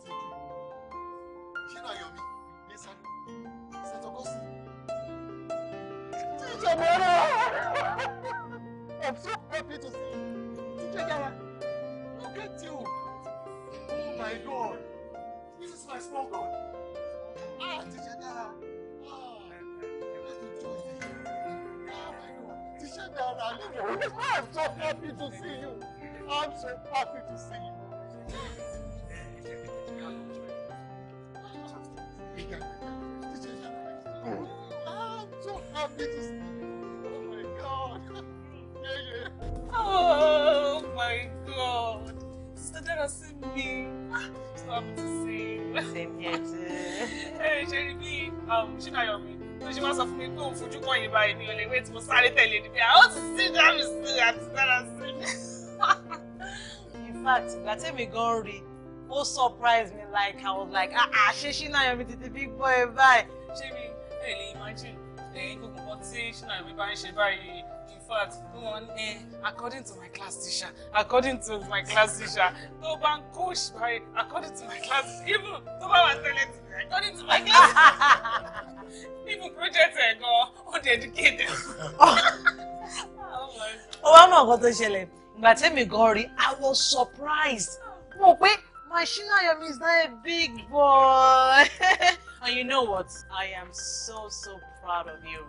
small God. Ah, teacher, ah, what did you do? Ah, my God, teacher, I need you. I'm so happy to see you. I'm so happy to see you. I'm so happy to see you. Oh my God. Yeah, yeah. Oh my God. Sister Dara, see me. Ah, so happy to see you. sẹ́mi ẹ̀jẹ̀. ẹ ṣe rí bí um, ṣínàyọ̀ mi tó ṣe wá sọ fún mi pé òun fojú kàn yín báyìí ní olè tí mo sáré tẹ̀lé ní bí i àwọn ti sí dáàmì sí àti sára sí in fact ìgbà tẹ́mi gan rí ó surprise me like i was like ah ah ṣé ṣínàyọ̀ mi tètè bí gbọ́ ẹ báyìí. ṣé mi ẹ lè imagine ẹ̀yin gbogbo nǹkan tí ṣínàyọ̀ mi bá ń ṣe báyìí fact wọn ní eh, according to my class teacher according to my class teacher tó bá ń by according to my class even tó bá wà tẹ́lẹ̀ according to my class even project ẹ̀ gan ó Oh, I'm not going to tó ṣẹlẹ̀ But tell me, rí I was surprised mo pé Mashinayomi is not a big boy [LAUGHS] and you know what I am so so proud of you.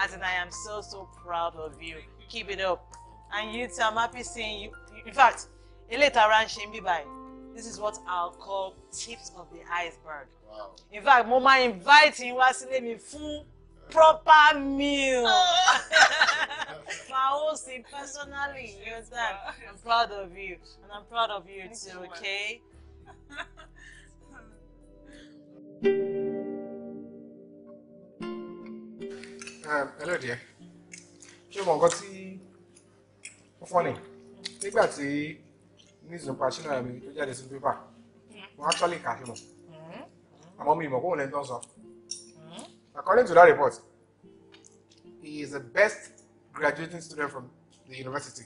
As in, I am so, so proud of you. Keep it up. And you too, I'm happy seeing you. In fact, a little Eletara Shimbibai, this is what I'll call tips of the iceberg. Wow. In fact, Mama inviting invite yín wá full proper meal. Oh. [LAUGHS] personally, you understand? I'm proud of you. And I'm proud of you Thank too, you okay? [LAUGHS] hello dear ṣé o mọ nǹkan tí ó fọ́nì nígbà tí news nípa ṣínà mi tó jáde sí pépà mo actually kà á fún un àmọ́ mi ìmọ̀ kó wọn lẹ́nu tó ń sọ according to that report he is the best graduating student from the university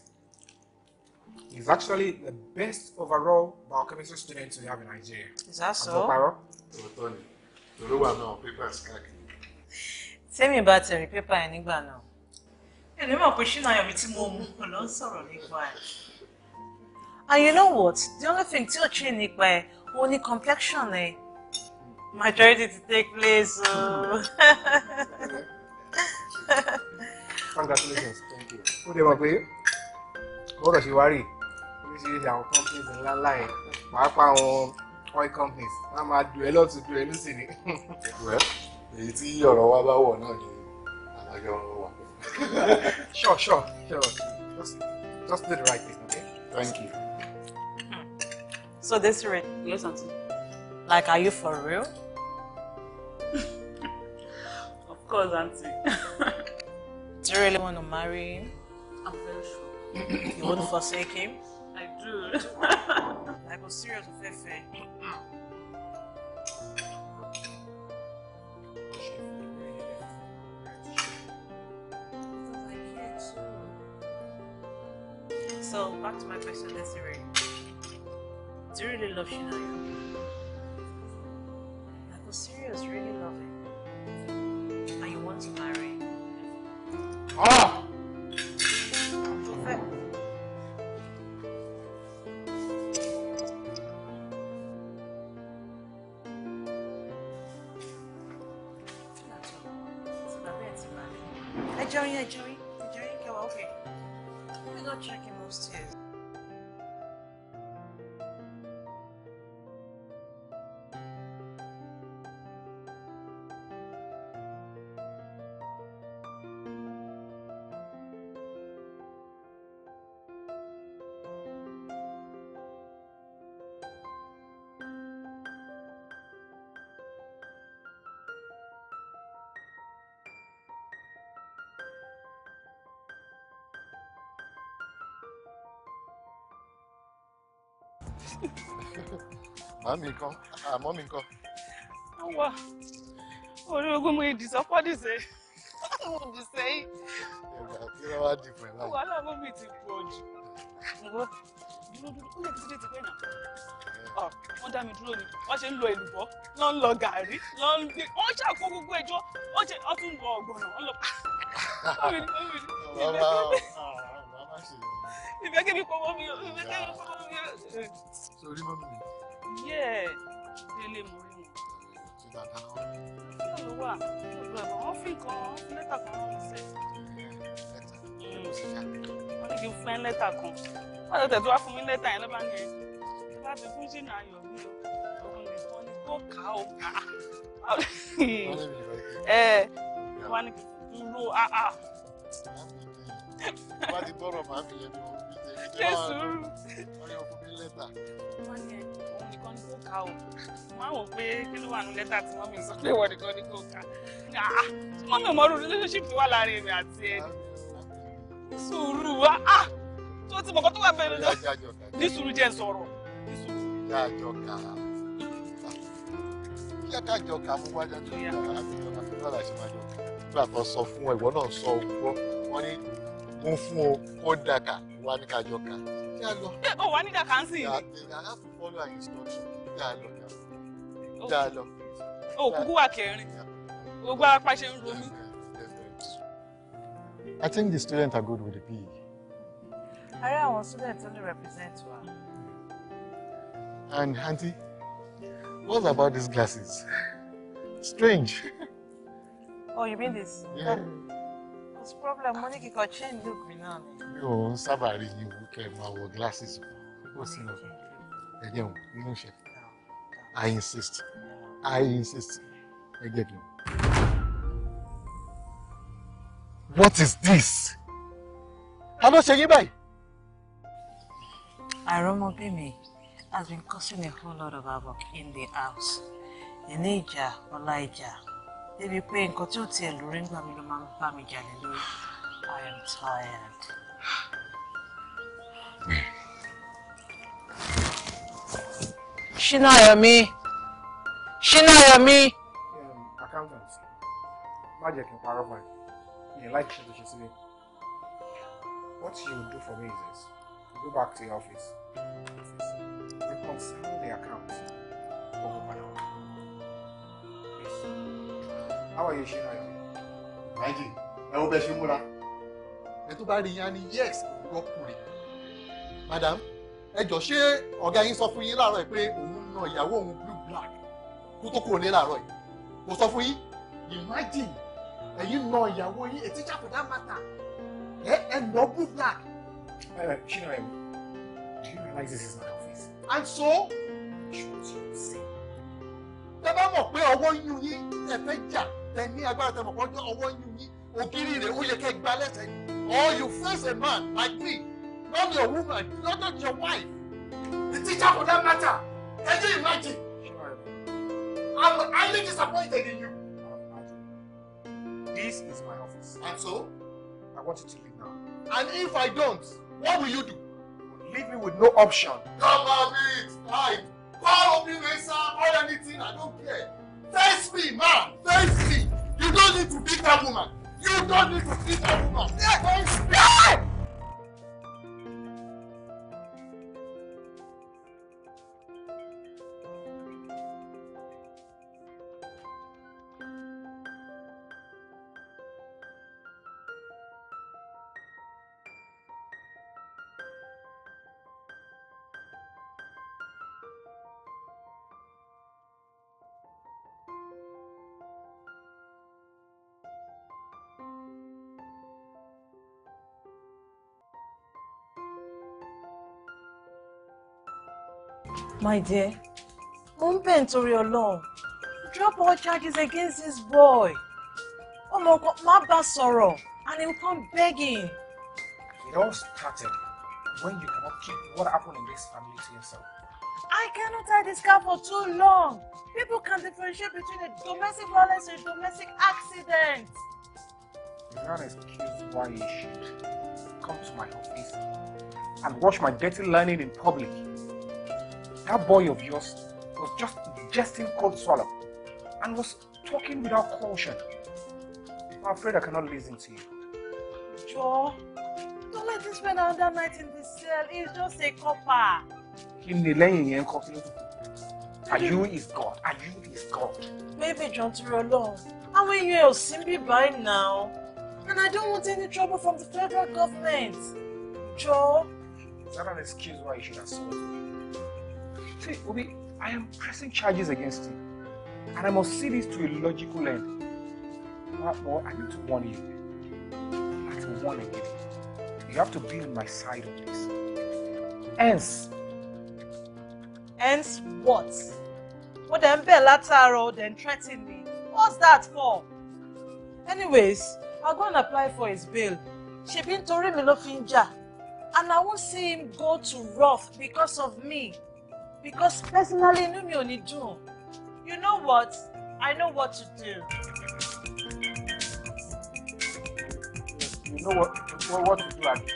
he is actually the best overall biochemistry student to have in Nigeria. is that so? àtọ́parọ́. òótọ́ ni tòló wà náà papers káàkiri tẹ́mi bá tẹ̀rí pépà ẹ̀ nígbà náà. ẹ̀lẹ́ mọ̀ pé ṣínà ayọ̀mí tí mo mú kò ló ń sọ̀rọ̀ nípa ẹ̀. and you know what the only thing tí ò ṣe nípa ẹ̀ òun ni complexion ẹ̀. majority to take place o. congratulations thank you. ó dẹ̀ mọ̀ pé ọ̀rọ̀ ṣe wá rí oríṣiríṣi àwọn companies ńláńlá yẹn pàápàá àwọn oil companies wọ́n á máa dùn ẹ́ lọ́tún dùn ẹ́ lọ́sìn èyí tí ọ̀rọ̀ wa bá wọ̀ náà ni àmàjọ wà. [LAUGHS] sure sure sure just just do the right thing okay. thank you. Hmm. so this ring yes aunty like are you for real. [LAUGHS] of course aunty. [LAUGHS] do you really want to marry him. i'm very sure. you won't forsake him. i do. like I'm serious with Fefe. Hmm. So back to my question, Desiree. Do you really love Shania? màmí kan àmọ́ ah, mi kan. àwa orí ogún mo ìdìsọ́ pọ́dì ṣe mo dì sẹ́yìn. ìgbà tí wọ́n wá dìbò ẹ̀ báyìí. wàhálà mọ́ mi ti pọ̀ jù. ìwọ dúró dúró kúlẹ̀ títí dé ti pẹ́ náà. ọ̀ ah, wọ́n dá mi dúró ni wọ́n ṣe ń lọ èlùbọ́ lọ́ ń lọ gàrí lọ́ ń gbé wọ́n ṣàkó gbogbo ẹjọ́ wọ́n ṣe ọtún ń bọ ọ̀gbọ̀nà wọ́n lọ. ìfẹ́ mi pọ̀ mọ́ mi ìfẹ́ mi pọ̀ mọ́ mi sórí mọ́mí mi. yẹ délé mo rí wọn. ti dada wọn. náà ló wà lọ́dọ̀ àbọ̀ wọ́n fi kan lẹ́tà kan wọ́n mm. ṣe. lẹ́tà mo sì yá. wọ́n ní kí n fẹ́ lẹ́tà kan wọ́n lọ tẹ̀síwá fún mi lẹ́tà yẹn lọ́ba ní ẹ̀ láti fún jìnnà eh, ayọ̀ ah, ah lẹ́tà. wọ́n ní òun nìkan ni kò kà o wọ́n á wò pé kí ló wà nínú lẹ́tà tí wọ́n mi sọ pé ìwọ nìkan ni kò kà wọ́n mi mọ́rú relationship wà láàrin èmi àti ẹni sùúrù wa ah, tó ti mọ̀kọ́ tó wà bẹ̀rẹ̀ lọ ní sùúrù jẹ́ sọ̀rọ̀ ní sùúrù. yájọ ká yá mú wájà tó yá àbí ọ̀nà tó lọ́la ṣe máa jọ nígbà tó sọ fún ọ ìwọ náà sọ One can kájọ ká kí á lọ. ó wà I have to follow her instruction kí á lọ ká oh. kí á lọ. o oh, kúkú wà I think the students are good with the PE. I rí àwọn students only represent wa. And auntie, what about these glasses? Strange. Oh, you mean this? Yeah. Oh. What's problem? Mo ní kíkọ change look mi náà ni. Mi ò ń sábà rí yín wú kẹ́ glasses What's Ó sì lọ. Ẹ jẹun, inú I insist. I insist. Ẹ jẹ́ kí What is this? How Ta ló ṣe yín báyìí? Àrọ́mọbìnrin has been causing a whole lot of havoc in the house. Ìníjà, Ọláìjà débi pé nǹkan tí ò tiẹ̀ lórí ń gbà mí ló máa ń bá mi jalè lórí I am tired. Ṣínà Yọ̀mí Ṣínà Yọ̀mí. Um, accountant má jẹ́ kí n parọ́ mọ́ ẹ̀ yẹn láì ṣe tó ṣe sílẹ̀ what you do for me is this go back to your office reconcile the account over my own how are you ṣe náà I will be wo bẹ ṣe múra ẹ tó yes òun ọkùnrin madam ẹ jọ ṣé ọ̀gá yín sọ fún yín láàárọ̀ yìí pé òun na ìyàwó blue black kó tó kúrò ní láàárọ̀ yìí mo sọ fún yín imagine ẹ̀yin na ìyàwó a teacher for that matter ẹ ẹ nà blue black. ẹ do you realize this is my office. and so. ṣùgbọ́n tí o ṣe. tẹ bá mọ̀ pé ọwọ́ yún yín ẹ fẹ́ jà tẹ ní agbára tẹ mọ̀ pọ́njọ́ ọwọ́ yín yín ògiri rẹ̀ ó yẹ kẹ́ gba lẹ́sẹ̀ or you face a man like me not your woman not not your wife the teacher for that matter can you imagine I'm highly disappointed in you. This is my office. And so? I want you to leave now. And if I don't, what will you do? Leave me with no option. Come on, it's time. Call me, Racer, or anything, I don't care. Face me, man. Face me. You don't need to beat that woman. You don't need to beat that woman. Face me. My dear, mo ń bẹ̀ nítorí Ọlọ́run. Drop all charges against this boy. Ọmọ kan má bá sọ̀rọ̀ and he will come begging. It all started when you cannot keep what happened in this family to yourself. I cannot tie this car for too long. People can differentiate between a domestic violence and a domestic accident. It's not an excuse why you should come to my office and watch my dirty learning in public that boy of yours was just jesting cold swallow and was talking without caution. I'm afraid I cannot listen to you. Joe, don't let him spend another night in this cell. He's just a copper. In the lane, he ain't Are you his God? Are you his God? Maybe John to alone. I'm in you simply by now. And I don't want any trouble from the federal government. Joe. Is that an excuse why you should assault me? Say, Obi, I am pressing charges against him. And I must see this to a logical end. But, but I need to warn you. I At warn again, you have to be on my side on this. Hence. Hence what? What dẹ̀ ń bẹ̀ látàárọ̀, ó threaten me. What's that for? Anyways, I'll go and apply for his bail. Ṣebí been mi ló fi ń jà. And I won't see him go to rough because of me because personally inú mi ò ní dùn you know what I know what to do. You know what, what, what to do, Abby?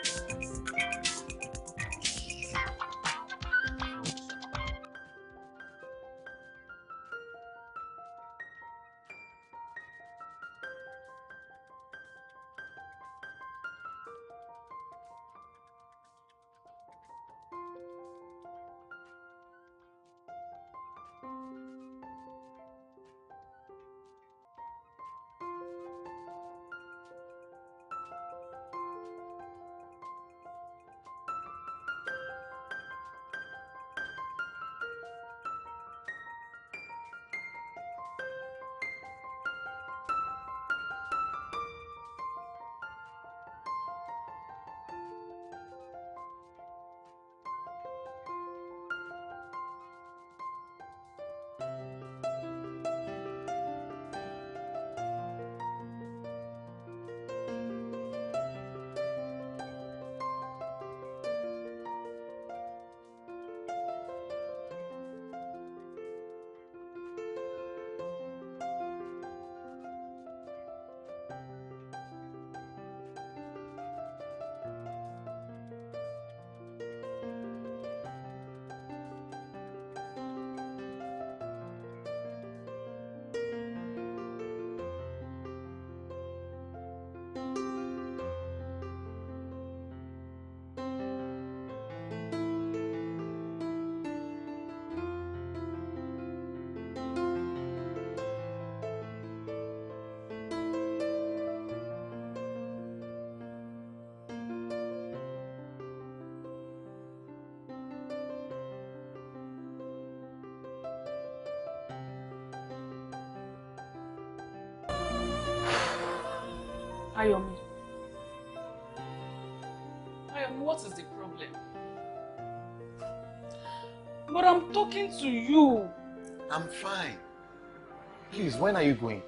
But I'm talking to you. I'm fine. Please, when are you going?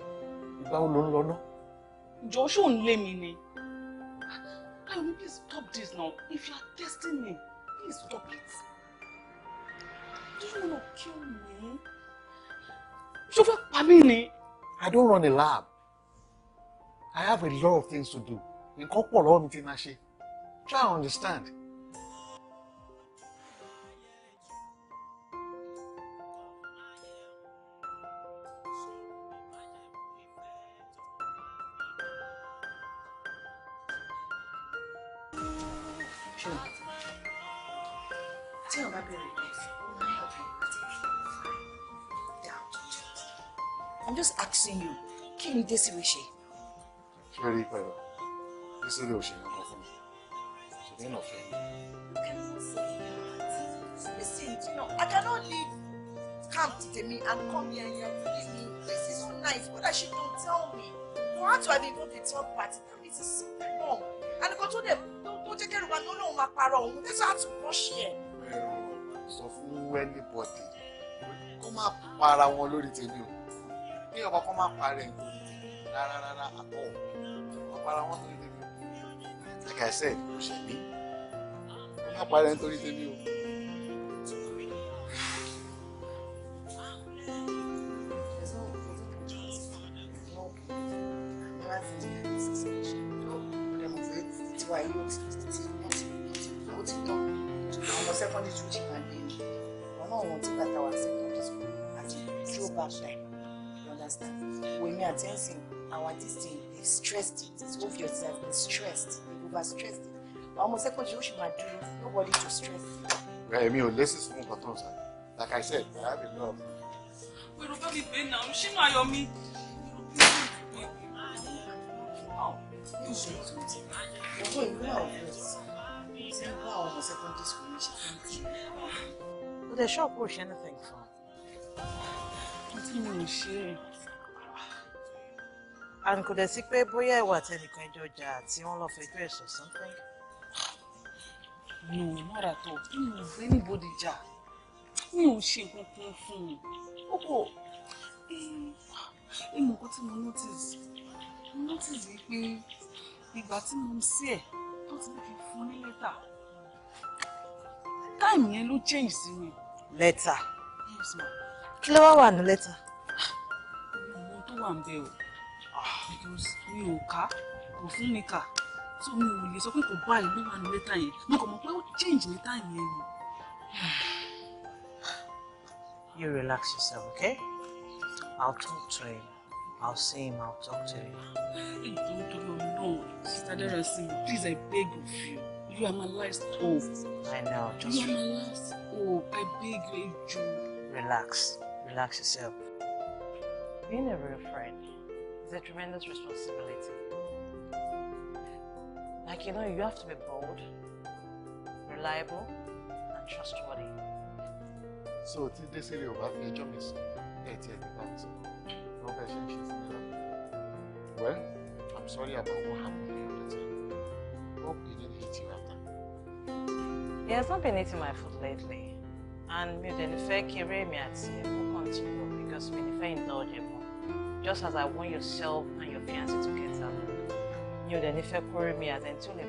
Ìgbà wo ló ń Joshua ń lé mi please stop this now. If you are testing me, please stop it. Do you want to kill me? Ṣo fẹ́ pa I don't run a lab. I have a lot of things to do. Nǹkan pọ̀ lọ́wọ́ mi ti máa ṣe. Try and understand. jésù ló ṣe. ṣé rí pẹ̀lú jésù ló ṣe nǹkan fún mi ṣùgbọ́n náà fẹ́ mi. Listen, you know, I cannot leave camp tèmi and come here and you are telling me this is so nice, but I should don't tell me. For her to have even the third party, that means it's something wrong. And nǹkan tó dẹ̀ tó jẹ́ kẹ́rù wa no, òun máa parọ́ òun, that's how to rush here. Ẹ̀rọ sọ fún anybody kó má para wọn lórí tèmi o. Kí ọkọ̀ kan má parẹ́ nǹkan rárá rárá àpọ̀ ọ̀pára wọn torí tèmi o like I said ló ṣe mí ó má parẹ́ nítorí tèmi o. secondary school ti máa gbé mi wọn náà wọn ti bàtà wá secondary school àti tí ó bá fẹ́ you understand wo èmi àti ẹ̀ ń sìn àwọn artist dey stressed it it's obvious that they stressed they overstressed it àwọn ọmọ secondary ó sì máa dúró nobody to stress. èmi ò lẹ́sìn fún nǹkan tó ń sọ like i said i have a lot. wẹ́rọ bá mi bẹ́ẹ̀ náà ṣínú ayọ̀ mi. ọ̀pọ̀ ìlú náà ọ̀fẹ́ ṣe ń bá àwọn ọmọ secondary school ní ṣe fún mi. ó dẹ̀ ṣọ́ọ̀pù ò ṣe anything fún ọ. mo ti mú un ṣe é and kò dẹ̀ sí pé bóyá ìwà àtẹnìkan ẹjọ́ jà tí wọ́n lọ fẹjọ́ ẹ̀sùn something. no not at all mi ò bẹ́ anybody jà mi ò ṣe nǹkan kan fún un ó kò ìmọ̀ nǹkan tí mo notice mo notice yìí pé ìgbà tí mo ń sí ẹ̀ tó ti fi fún ní lẹ́tà táìmù yẹn ló change sí mi. lẹ́tà kí ló wá wà ní lẹ́tà. Ah, ohun tó wà ń bẹ o mi ò ká kò fún mi kà tó mi ò lè sọ pé kò bá ìlú wà ní lẹ́tà yẹn mo kàn mọ̀ pé ó change ní yẹn ni. [SIGHS] You relax yourself, okay? I'll talk to him. I'll see him. I'll talk to him. Hey, don't do no, no. Sister Darasi, please, I beg of you. You are my last hope. I know. Just you are my last hope. I beg you, Joe. Relax. Relax yourself. Being a real friend It's a tremendous responsibility. Like, you know, you have to be bold, reliable, and trustworthy. So, tí Désiré ò bá fi ẹjọ́ mi sùn, ẹ̀ tí ẹ̀ nígbà tí wọ́n Well, I'm sorry about what happened the other time. Hope you didn't hit you after. He has not been eating my food lately. And mi ò dẹ̀ ní fẹ́ kí eré mi àti ẹ̀kọ́ continue because mi ò ní indulge him just as I want yourself and your fiancé to get up. Mi ò dẹ̀ ní fẹ́ kó rí mi àtẹni tí ò lè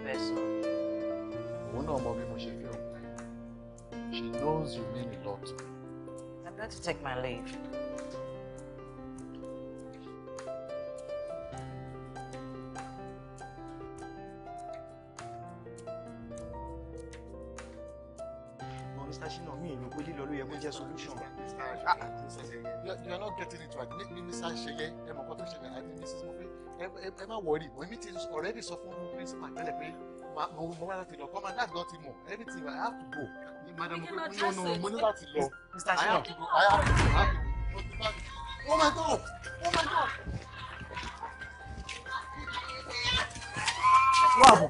She knows you mean a lot. I to take my leave. ẹ má wọrí mo èmi ti already sọ fún principal tẹ́lẹ̀ pé mo mo wá láti lọ commandant gan ti mọ̀ everything I have to go ni madam pé no no mo ní láti lọ I have to go I have to go I have to go oh my God oh my God. Wow.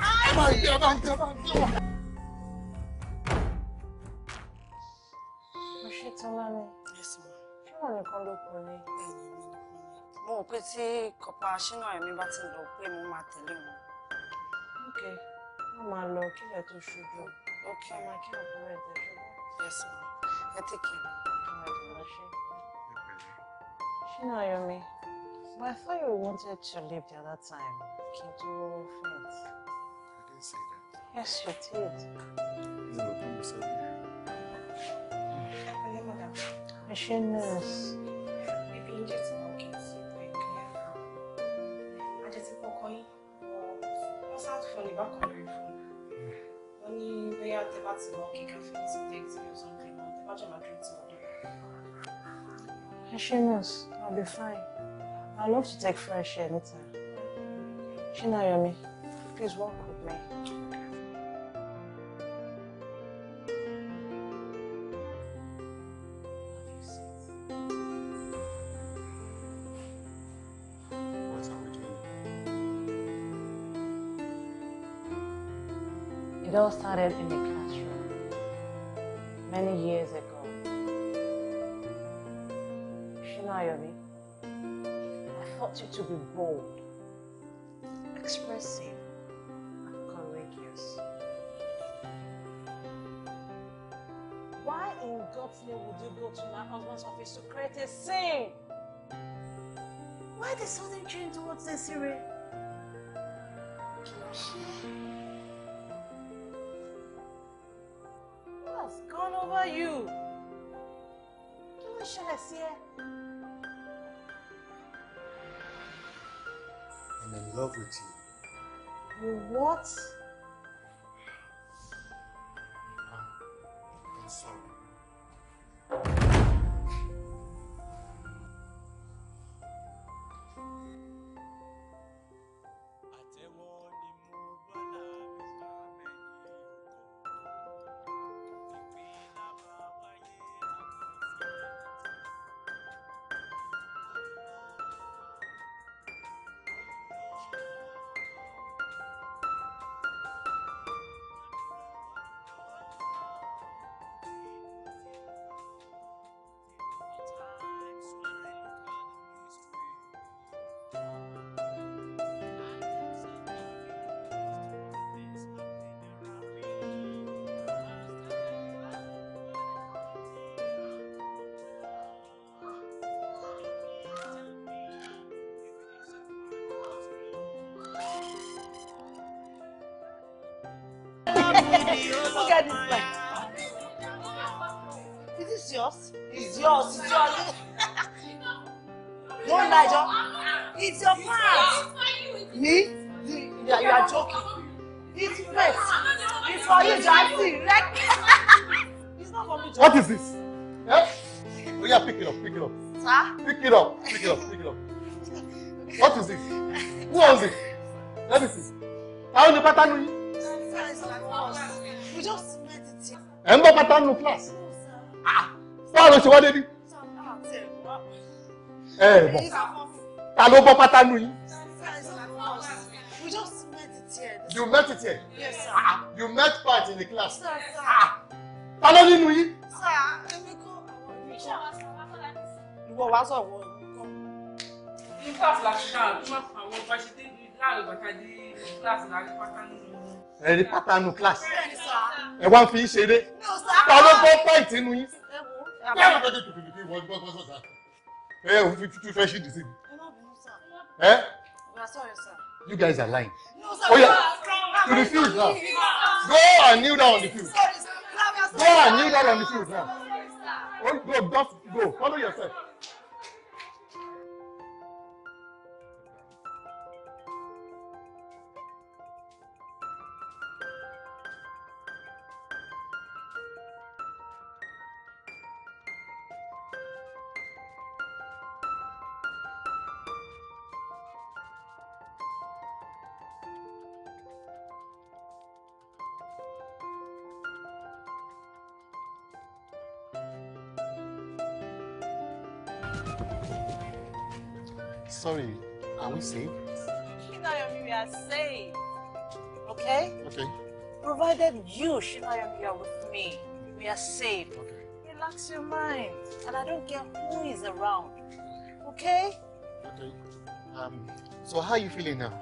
Ay, yaman, yaman, yaman. Mo ṣe tán lára ẹ̀. Ṣọ́nà nìkan lọkùnrin. ni. Mo rò pé tí kọ̀pá ṣínà ẹ̀mí bá ti lọ pé mo máa tẹ̀lé wọn. Ok, wọ́n máa lọ kílẹ̀ tó ṣojú. Ok. Wọ́n máa kí ọkùnrin ẹ̀jẹ̀ ṣojú. Yes, ma. Ẹ ti kì í. Ṣínà Yomi, but I wanted to leave the other time. Kí n tó faint. I didn't say that. Yes, you did. Is it a problem, sir? ẹ ṣe nurse. bíbí oúnjẹ tí wọn kì í sí ìtọ́ ìpínlẹ̀ kan ajẹ́ ti kọ́kọ́ yín wọ́n sáàtù fún ní bákan lórí fún wọn ní bóyá tẹ bá ti lọ kí káfíń ti tẹ́ ti yọ sọ́n kìlọ̀ tẹ bá jọ I'll be fine I love to take fresh air later. Shinayomi, please walk with me. all started in the classroom many years ago. Shinayomi, I thought you to be bold, expressive, and courageous. Why in God's name would you go to my husband's office to create a scene? Why the sudden change towards the Siri? How are you? What shall I say? i I'm in love with you. You what? Look at this man. Is this yours? It's yours. It's yours. [LAUGHS] No Niger. It's your part. Me? You are, you are joking. It's wet. It's for you, Johnson. Like, [LAUGHS] it's not for me, Johnson. What is this? Yeah? Oh, yeah, pick it up. Pick it up. Sir? Pick it up. Pick it up. Pick it up. What is this? Who owns it? Let me see. Àwọn ni pátá lóyún. ẹ̀ ń bọ́ pátá nù kíláàsì ah, báwo ló ṣe wá débi ẹ ẹ bọ̀ ta ló bọ́ pátá nù yín. You met it here. Yes, sir. Ah, you met part in the class. Sir, sir. Ah, ta ló nínú yín. Sir, èmi kọ́ mi ṣe àwọn sọ̀rọ̀ wá sọ̀rọ̀ láti sìn. Ìwọ wá sọ̀rọ̀ wọ̀ nǹkan. Ní kíláàsì làṣìṣà àwọn ọba ṣe dé láàrin bàtà dé kíláàsì láàrin pátá nínú ẹ̀rí pátánù class ẹ wá ń fi ṣeré ta ló gbọ́ pẹ́ǹtì inú yín. ẹ ò fi tútù fẹ́ ṣídìí sí mi. ẹ you guys are lying. No, sir, oh yeah you refuse now go and kneel down on the field go and kneel down on the field now oh go just go follow yourself. saved? Shinayomi, we are safe, Okay? Okay. Provided you, Shinayomi, are with me, we are safe. Okay. Relax your mind. And I don't care who is around. Okay? Okay. Um, so how are you feeling now?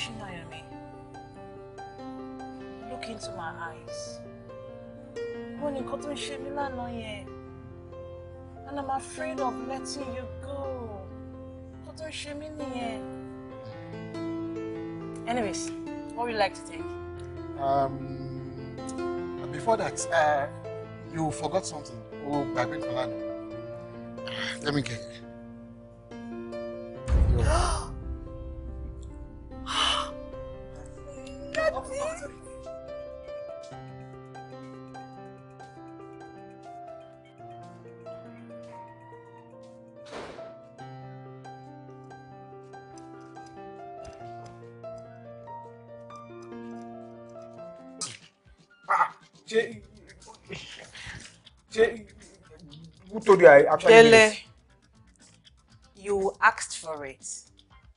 Shinayomi, look into my eyes. When you cut me, ń no mí and I'm afraid of letting you go. Kò tó ṣe mí nìyẹn. Anyways, what would you like to take? Um, before that, uh, you forgot something. Oh, Babin Kalani. Let me get it. told you I actually Dele, You asked for it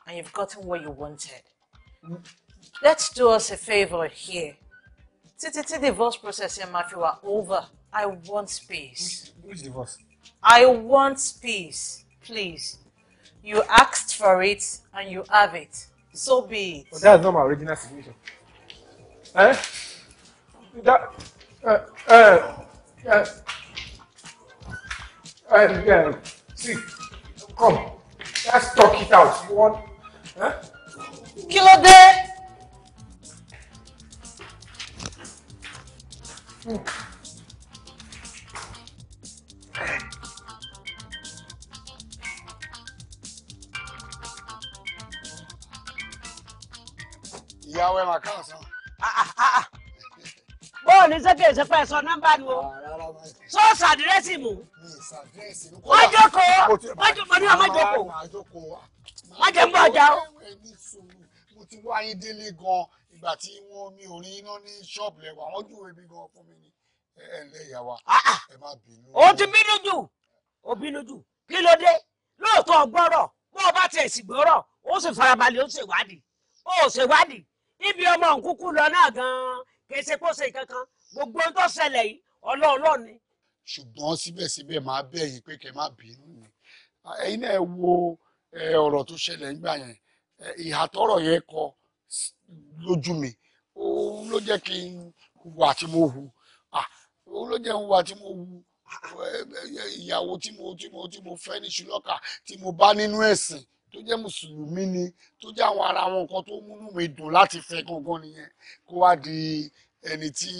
and you've gotten what you wanted. Let's do us a favor here. Titi the divorce process in Matthew are over. I want peace. Who's which divorce? I want peace, please. You asked for it and you have it. So be it. But that's not my original situation. Eh? That, uh, uh, uh, uh, see, come, let's talk it out. You want? Huh? Kí ló dé? Hmm. ìyàwó ẹ̀ máa kàn sán. bọ́ọ̀lù sẹ́kẹ̀ẹ́sẹ̀ pẹ̀ sọ nọ́mbà ni o ah, sọ́ọ̀sì àdírẹ́sì mú wọ́n jókòó wọ́n jókòó ní ọmọ jókòó wọ́n ọjà o. mo ti wá yín délé gan ìgbà tí wọ́n mi ò rí iná ní ṣọ́ọ̀bù lẹ́wà wọ́n jù ebi gan fún mi ní ẹlẹ́yà wa ah, ah. ẹ má o ti bínú jù o bínú jù kí ló dé lóòótọ́ gbọ́rọ̀ bó o bá tẹ̀ sí gbọ́rọ̀ ó sì farabalẹ̀ ó sì wádìí ó sì wádìí ibi ọmọ nkúkú lọ náà gan-an kì í ṣe kó ṣe kankan gbogbo ohun tó ṣẹlẹ̀ yìí ọlọ́ọ̀lọ́ọ̀ ni ṣùgbọ́n síbẹ̀síbẹ̀ máa bẹ̀ yín pé kẹ́ má bínú ni ẹ̀yin náà wo ọ̀rọ̀ tó ṣẹlẹ̀ nígbà yẹn ìhà tọ́rọ̀ yẹn kọ lójú mi òun ló jẹ́ kí n hùwà tí mo hù òun ló jẹ́ hùwà tí mo hù ìyàwó tí mo tí mo tí mo fẹ́ ní ṣùlọ́kà tí mo bá nínú ẹ̀sìn tó jẹ́ mùsùlùmí ni tó jẹ́ àwọn ara wọn nǹkan tó múnú mi dùn láti fẹ́ gangan nìyẹn kó wá di ẹni tí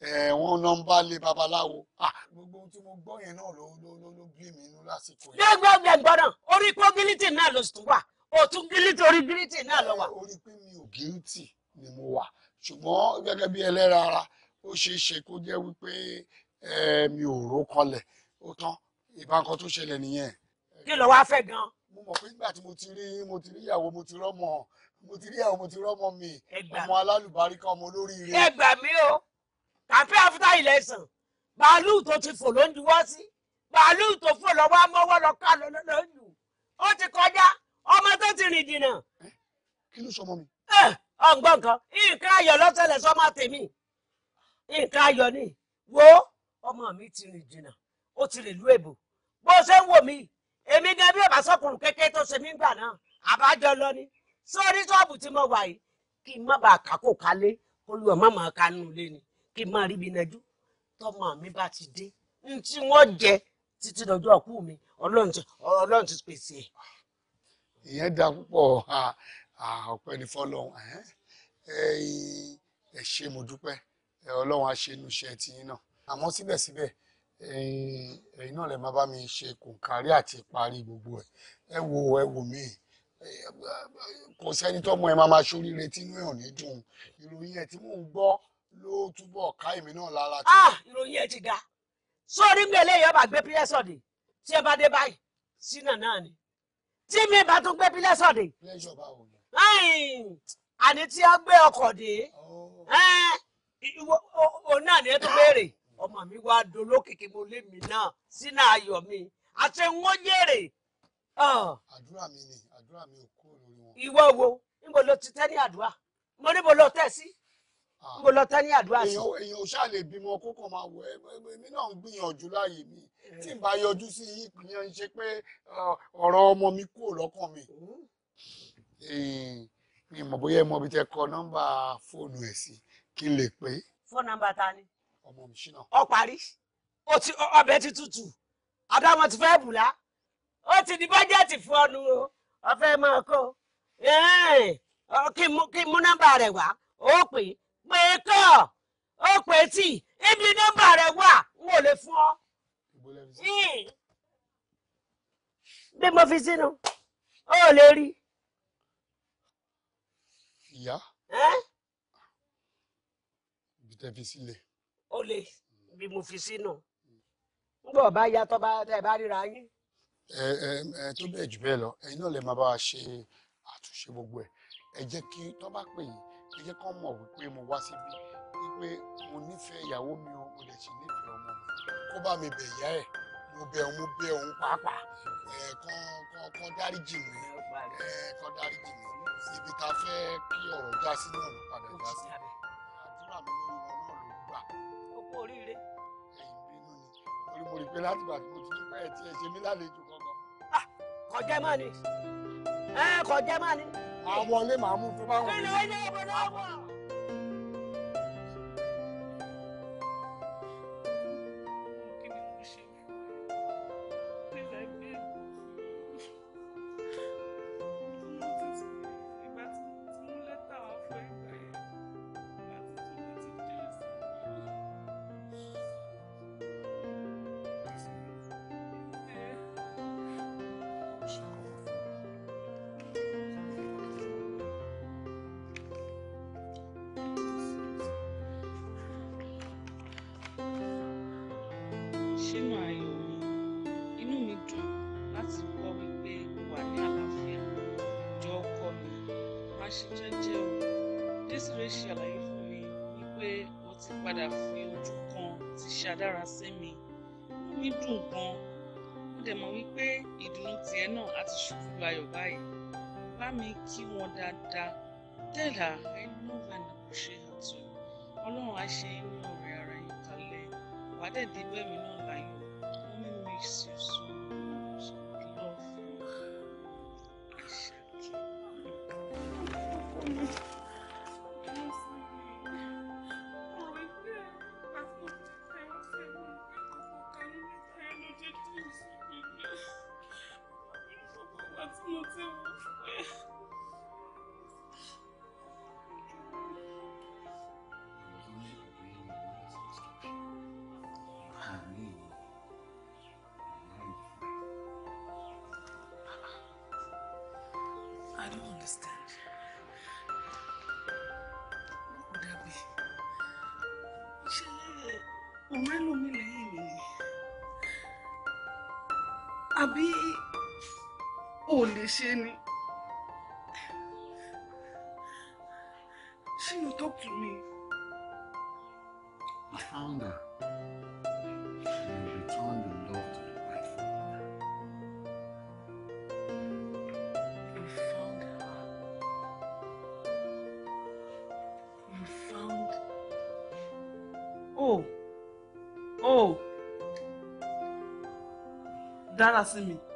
Eh, wọn nọmba lé babaláwo ah, gbogbo ohun tí mo gbọ́ yẹn náà ló ló ló ló bí mi inú lásìkò yẹn. gbẹgbẹgbẹ gbọdọ orí pé gílítì náà ló tún wà òtún gílítì orí gílítì náà ló wà. orí pé mi ò gílítì ni mo wà ṣùgbọ́n gẹ́gẹ́ bí ẹlẹ́ra ara ó ṣeé ṣe kó jẹ́ wípé eh, mi ò ró kanlẹ̀ ó tán ìbákan tó ṣẹlẹ̀ nìyẹn. kí ló wáá fẹ́ gan. mo mọ̀ pé nígbà tí mo ti rí mo ti rí ìyàwó mo ti rọ́mọ mo ti rí ìyàwó mo ti rọ́mọ mi ọmọ alálùbáríkà ọmọ olóríire. ẹ gbà mí o àpẹ́ after election bàálù tó ti fò ló ń juwọ́ sí bàálù tó fò lọ́wọ́ mọ́wọ́ lọ ká lọ lọ lù ó ti kọjá ọmọ tó ti rìn dìnnà. kí ló sọmọ mi. Eh, ọ̀gbọ́n kan nǹkan ayọ̀ lọ́sẹ̀lẹ̀ sọ́mọ tèmi nǹkan ayọ̀ ni wo ọmọ mi ti rìn dìnnà ó ti rìn lú èbò bó ṣe ń wò mí èmi gan bí ọba sọkùnrin kékeré tó ṣe mí gbà náà àbájọ lọ ni sórí ṣọ́ọ̀bù tí mo wà yìí kí n má bàa kàkó kalé olùwà má máa kanú lé ni kí n máa rí mi nájú tọ́mọ mi bá ti dé n tí wọ́n jẹ títí dọjọ́ òkú mi ọlọ́run ti pèsè ẹ̀. ìyẹn dáa púpọ̀ ọpẹ́ ní fọlọ́run ẹ ṣé mo dúpẹ́ ọlọ́run á ṣe inú náà àmọ́ síbẹ̀síbẹ̀ ẹ̀yin náà lè má bá mi ṣe kòǹkárí àti parí gbogbo ẹ̀ ẹ wo ẹ wò mí kò sẹ́ni tọ́mọ ẹ máa ma ṣoríire tínú ẹ̀ ò ní dùn ìròyìn ẹ̀ tí mò ń gbọ́ ló túbọ̀ ká èmi náà lára. Ah, ìròyìn ẹ ti ga sórí mi eléyìí ọba gbé pílẹ́sọ̀dì tí ẹ bá dé báyìí sínà náà ni tí mi bá tún gbé pílẹ́sọ̀dì. pílẹ́sọ̀ bá wò ni. àní tí a gbé ọkọ̀ dé òun oh. náà ni ẹ tún béèrè ọmọ mi wá dolókìkí mo lé mi náà sínà ayọ̀ mi àti wọ́n yèrè. àdúrà mi ni àdúrà mi ò kúrò lórí wọn. ìwọ wo níbo ló ti tẹ́ ní àdúrà mo níbo ló tẹ̀ sí n ah. kò lọ tán ní àdúrà sí. èèyàn ò ṣáà lè bímọ kó kàn máa wọ èmi náà ń gbìyànjú láàyè mi eh. tí n bá yọjú sí yìí kìíyàn ń ṣe pé ah, ọ̀rọ̀ ọmọ mi kúrò lọ́kàn mi. Hmm. mi mọ̀ bóyá ẹ mọ ibi tẹ kọ nọ́mbà fóònù ẹ̀ sí kí n lè pé. fóònù nọ́mbà ta ni. ọmọ mi ṣìnà. ọ parí ọbẹ̀ ti tutù àdámọ̀ ti fẹ́ bùlá o ti di bọ́jẹ́ẹ̀tì fún ọnu o ọ̀fẹ́ máa kó kí n mú nọ́mbà rẹ̀ wá ó pè é pè é kọ́ ó pè é tì ibi nọ́mbà rẹ̀ wà n ò lè fún ọ. bí mo fi sínú ó lè rí. ìyá ibi tẹ́ fi sílẹ̀. ó lè mm. bí mo fi sínú n bọ̀ bá ya tọ́ bá tẹ́ bá ríra yín. ẹ ẹ ẹ tó bẹ́ẹ̀ jù bẹ́ẹ̀ lọ ẹ̀yin náà lè máa bá a ṣe àtúnṣe gbogbo ẹ̀ ẹ jẹ́ kí tọ́ bá pè yín ẹ jẹ́ kán mọ̀ wípé mo wá síbí wípé mo nífẹ̀ẹ́ ìyàwó mi o mo dẹ̀ sì nífẹ̀ẹ́ ọmọ mi kó bá mi bẹ̀ ìyá ẹ̀ mo bẹ̀ òun mo bẹ̀ òun pàápàá ẹ̀ kán kán kán dáríjì mi ẹ̀ kán dáríjì mi ibi tá a fẹ́ kí ọ̀rọ̀ já sí náà ló padà já sí àdúrà mi lórí wọn náà ló gbà. ó kú oríire. ẹ̀yin bínú ni torí mo rí pé látìgbà tí mo ti dúpẹ́ ẹ̀ tí ẹ ṣe mí lálejò kankan. Ah! kọjá máa ní kọjá máa ní àwọn ilé màá mú tó bá wù padà fi ojú kan ti ṣàdára sí mi inú mi dùn gan mo dẹ̀ mọ̀ wípé ìdùnnú tiẹ̀ náà á ti ṣubú láyọ̀ báyìí bá mi kí wọn dáadáa tell her I love and appreciate ọlọ́run á ṣe inú rẹ̀ ara yín kalẹ̀ wàá dẹ̀ dé bẹ́ẹ̀ mi náà màmá ló mi lẹ́yìn mi ni àbí ò lè ṣe ni. sí mi.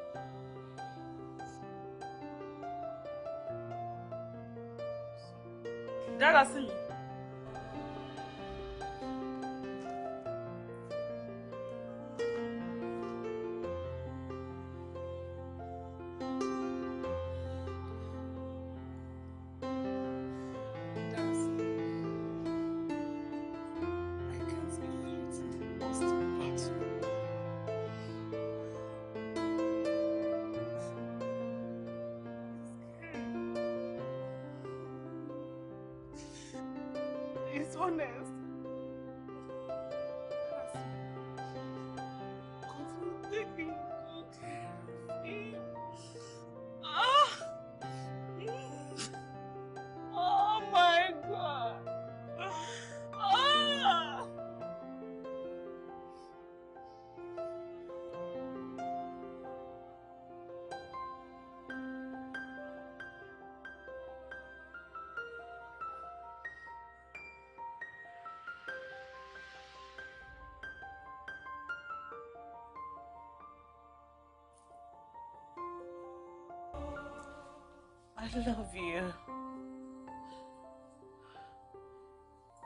I love you.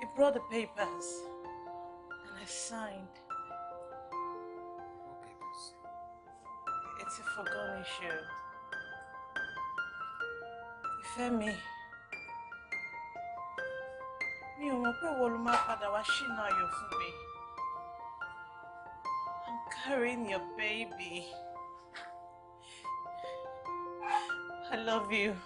He brought the papers and I signed. What papers? It's a forgotten issue. Ìfẹ́mi. me. ò mọ̀ pé ìwọ ló máa padà wá ṣìnà ayọ̀ fún mi. I'm carrying your baby. I love you.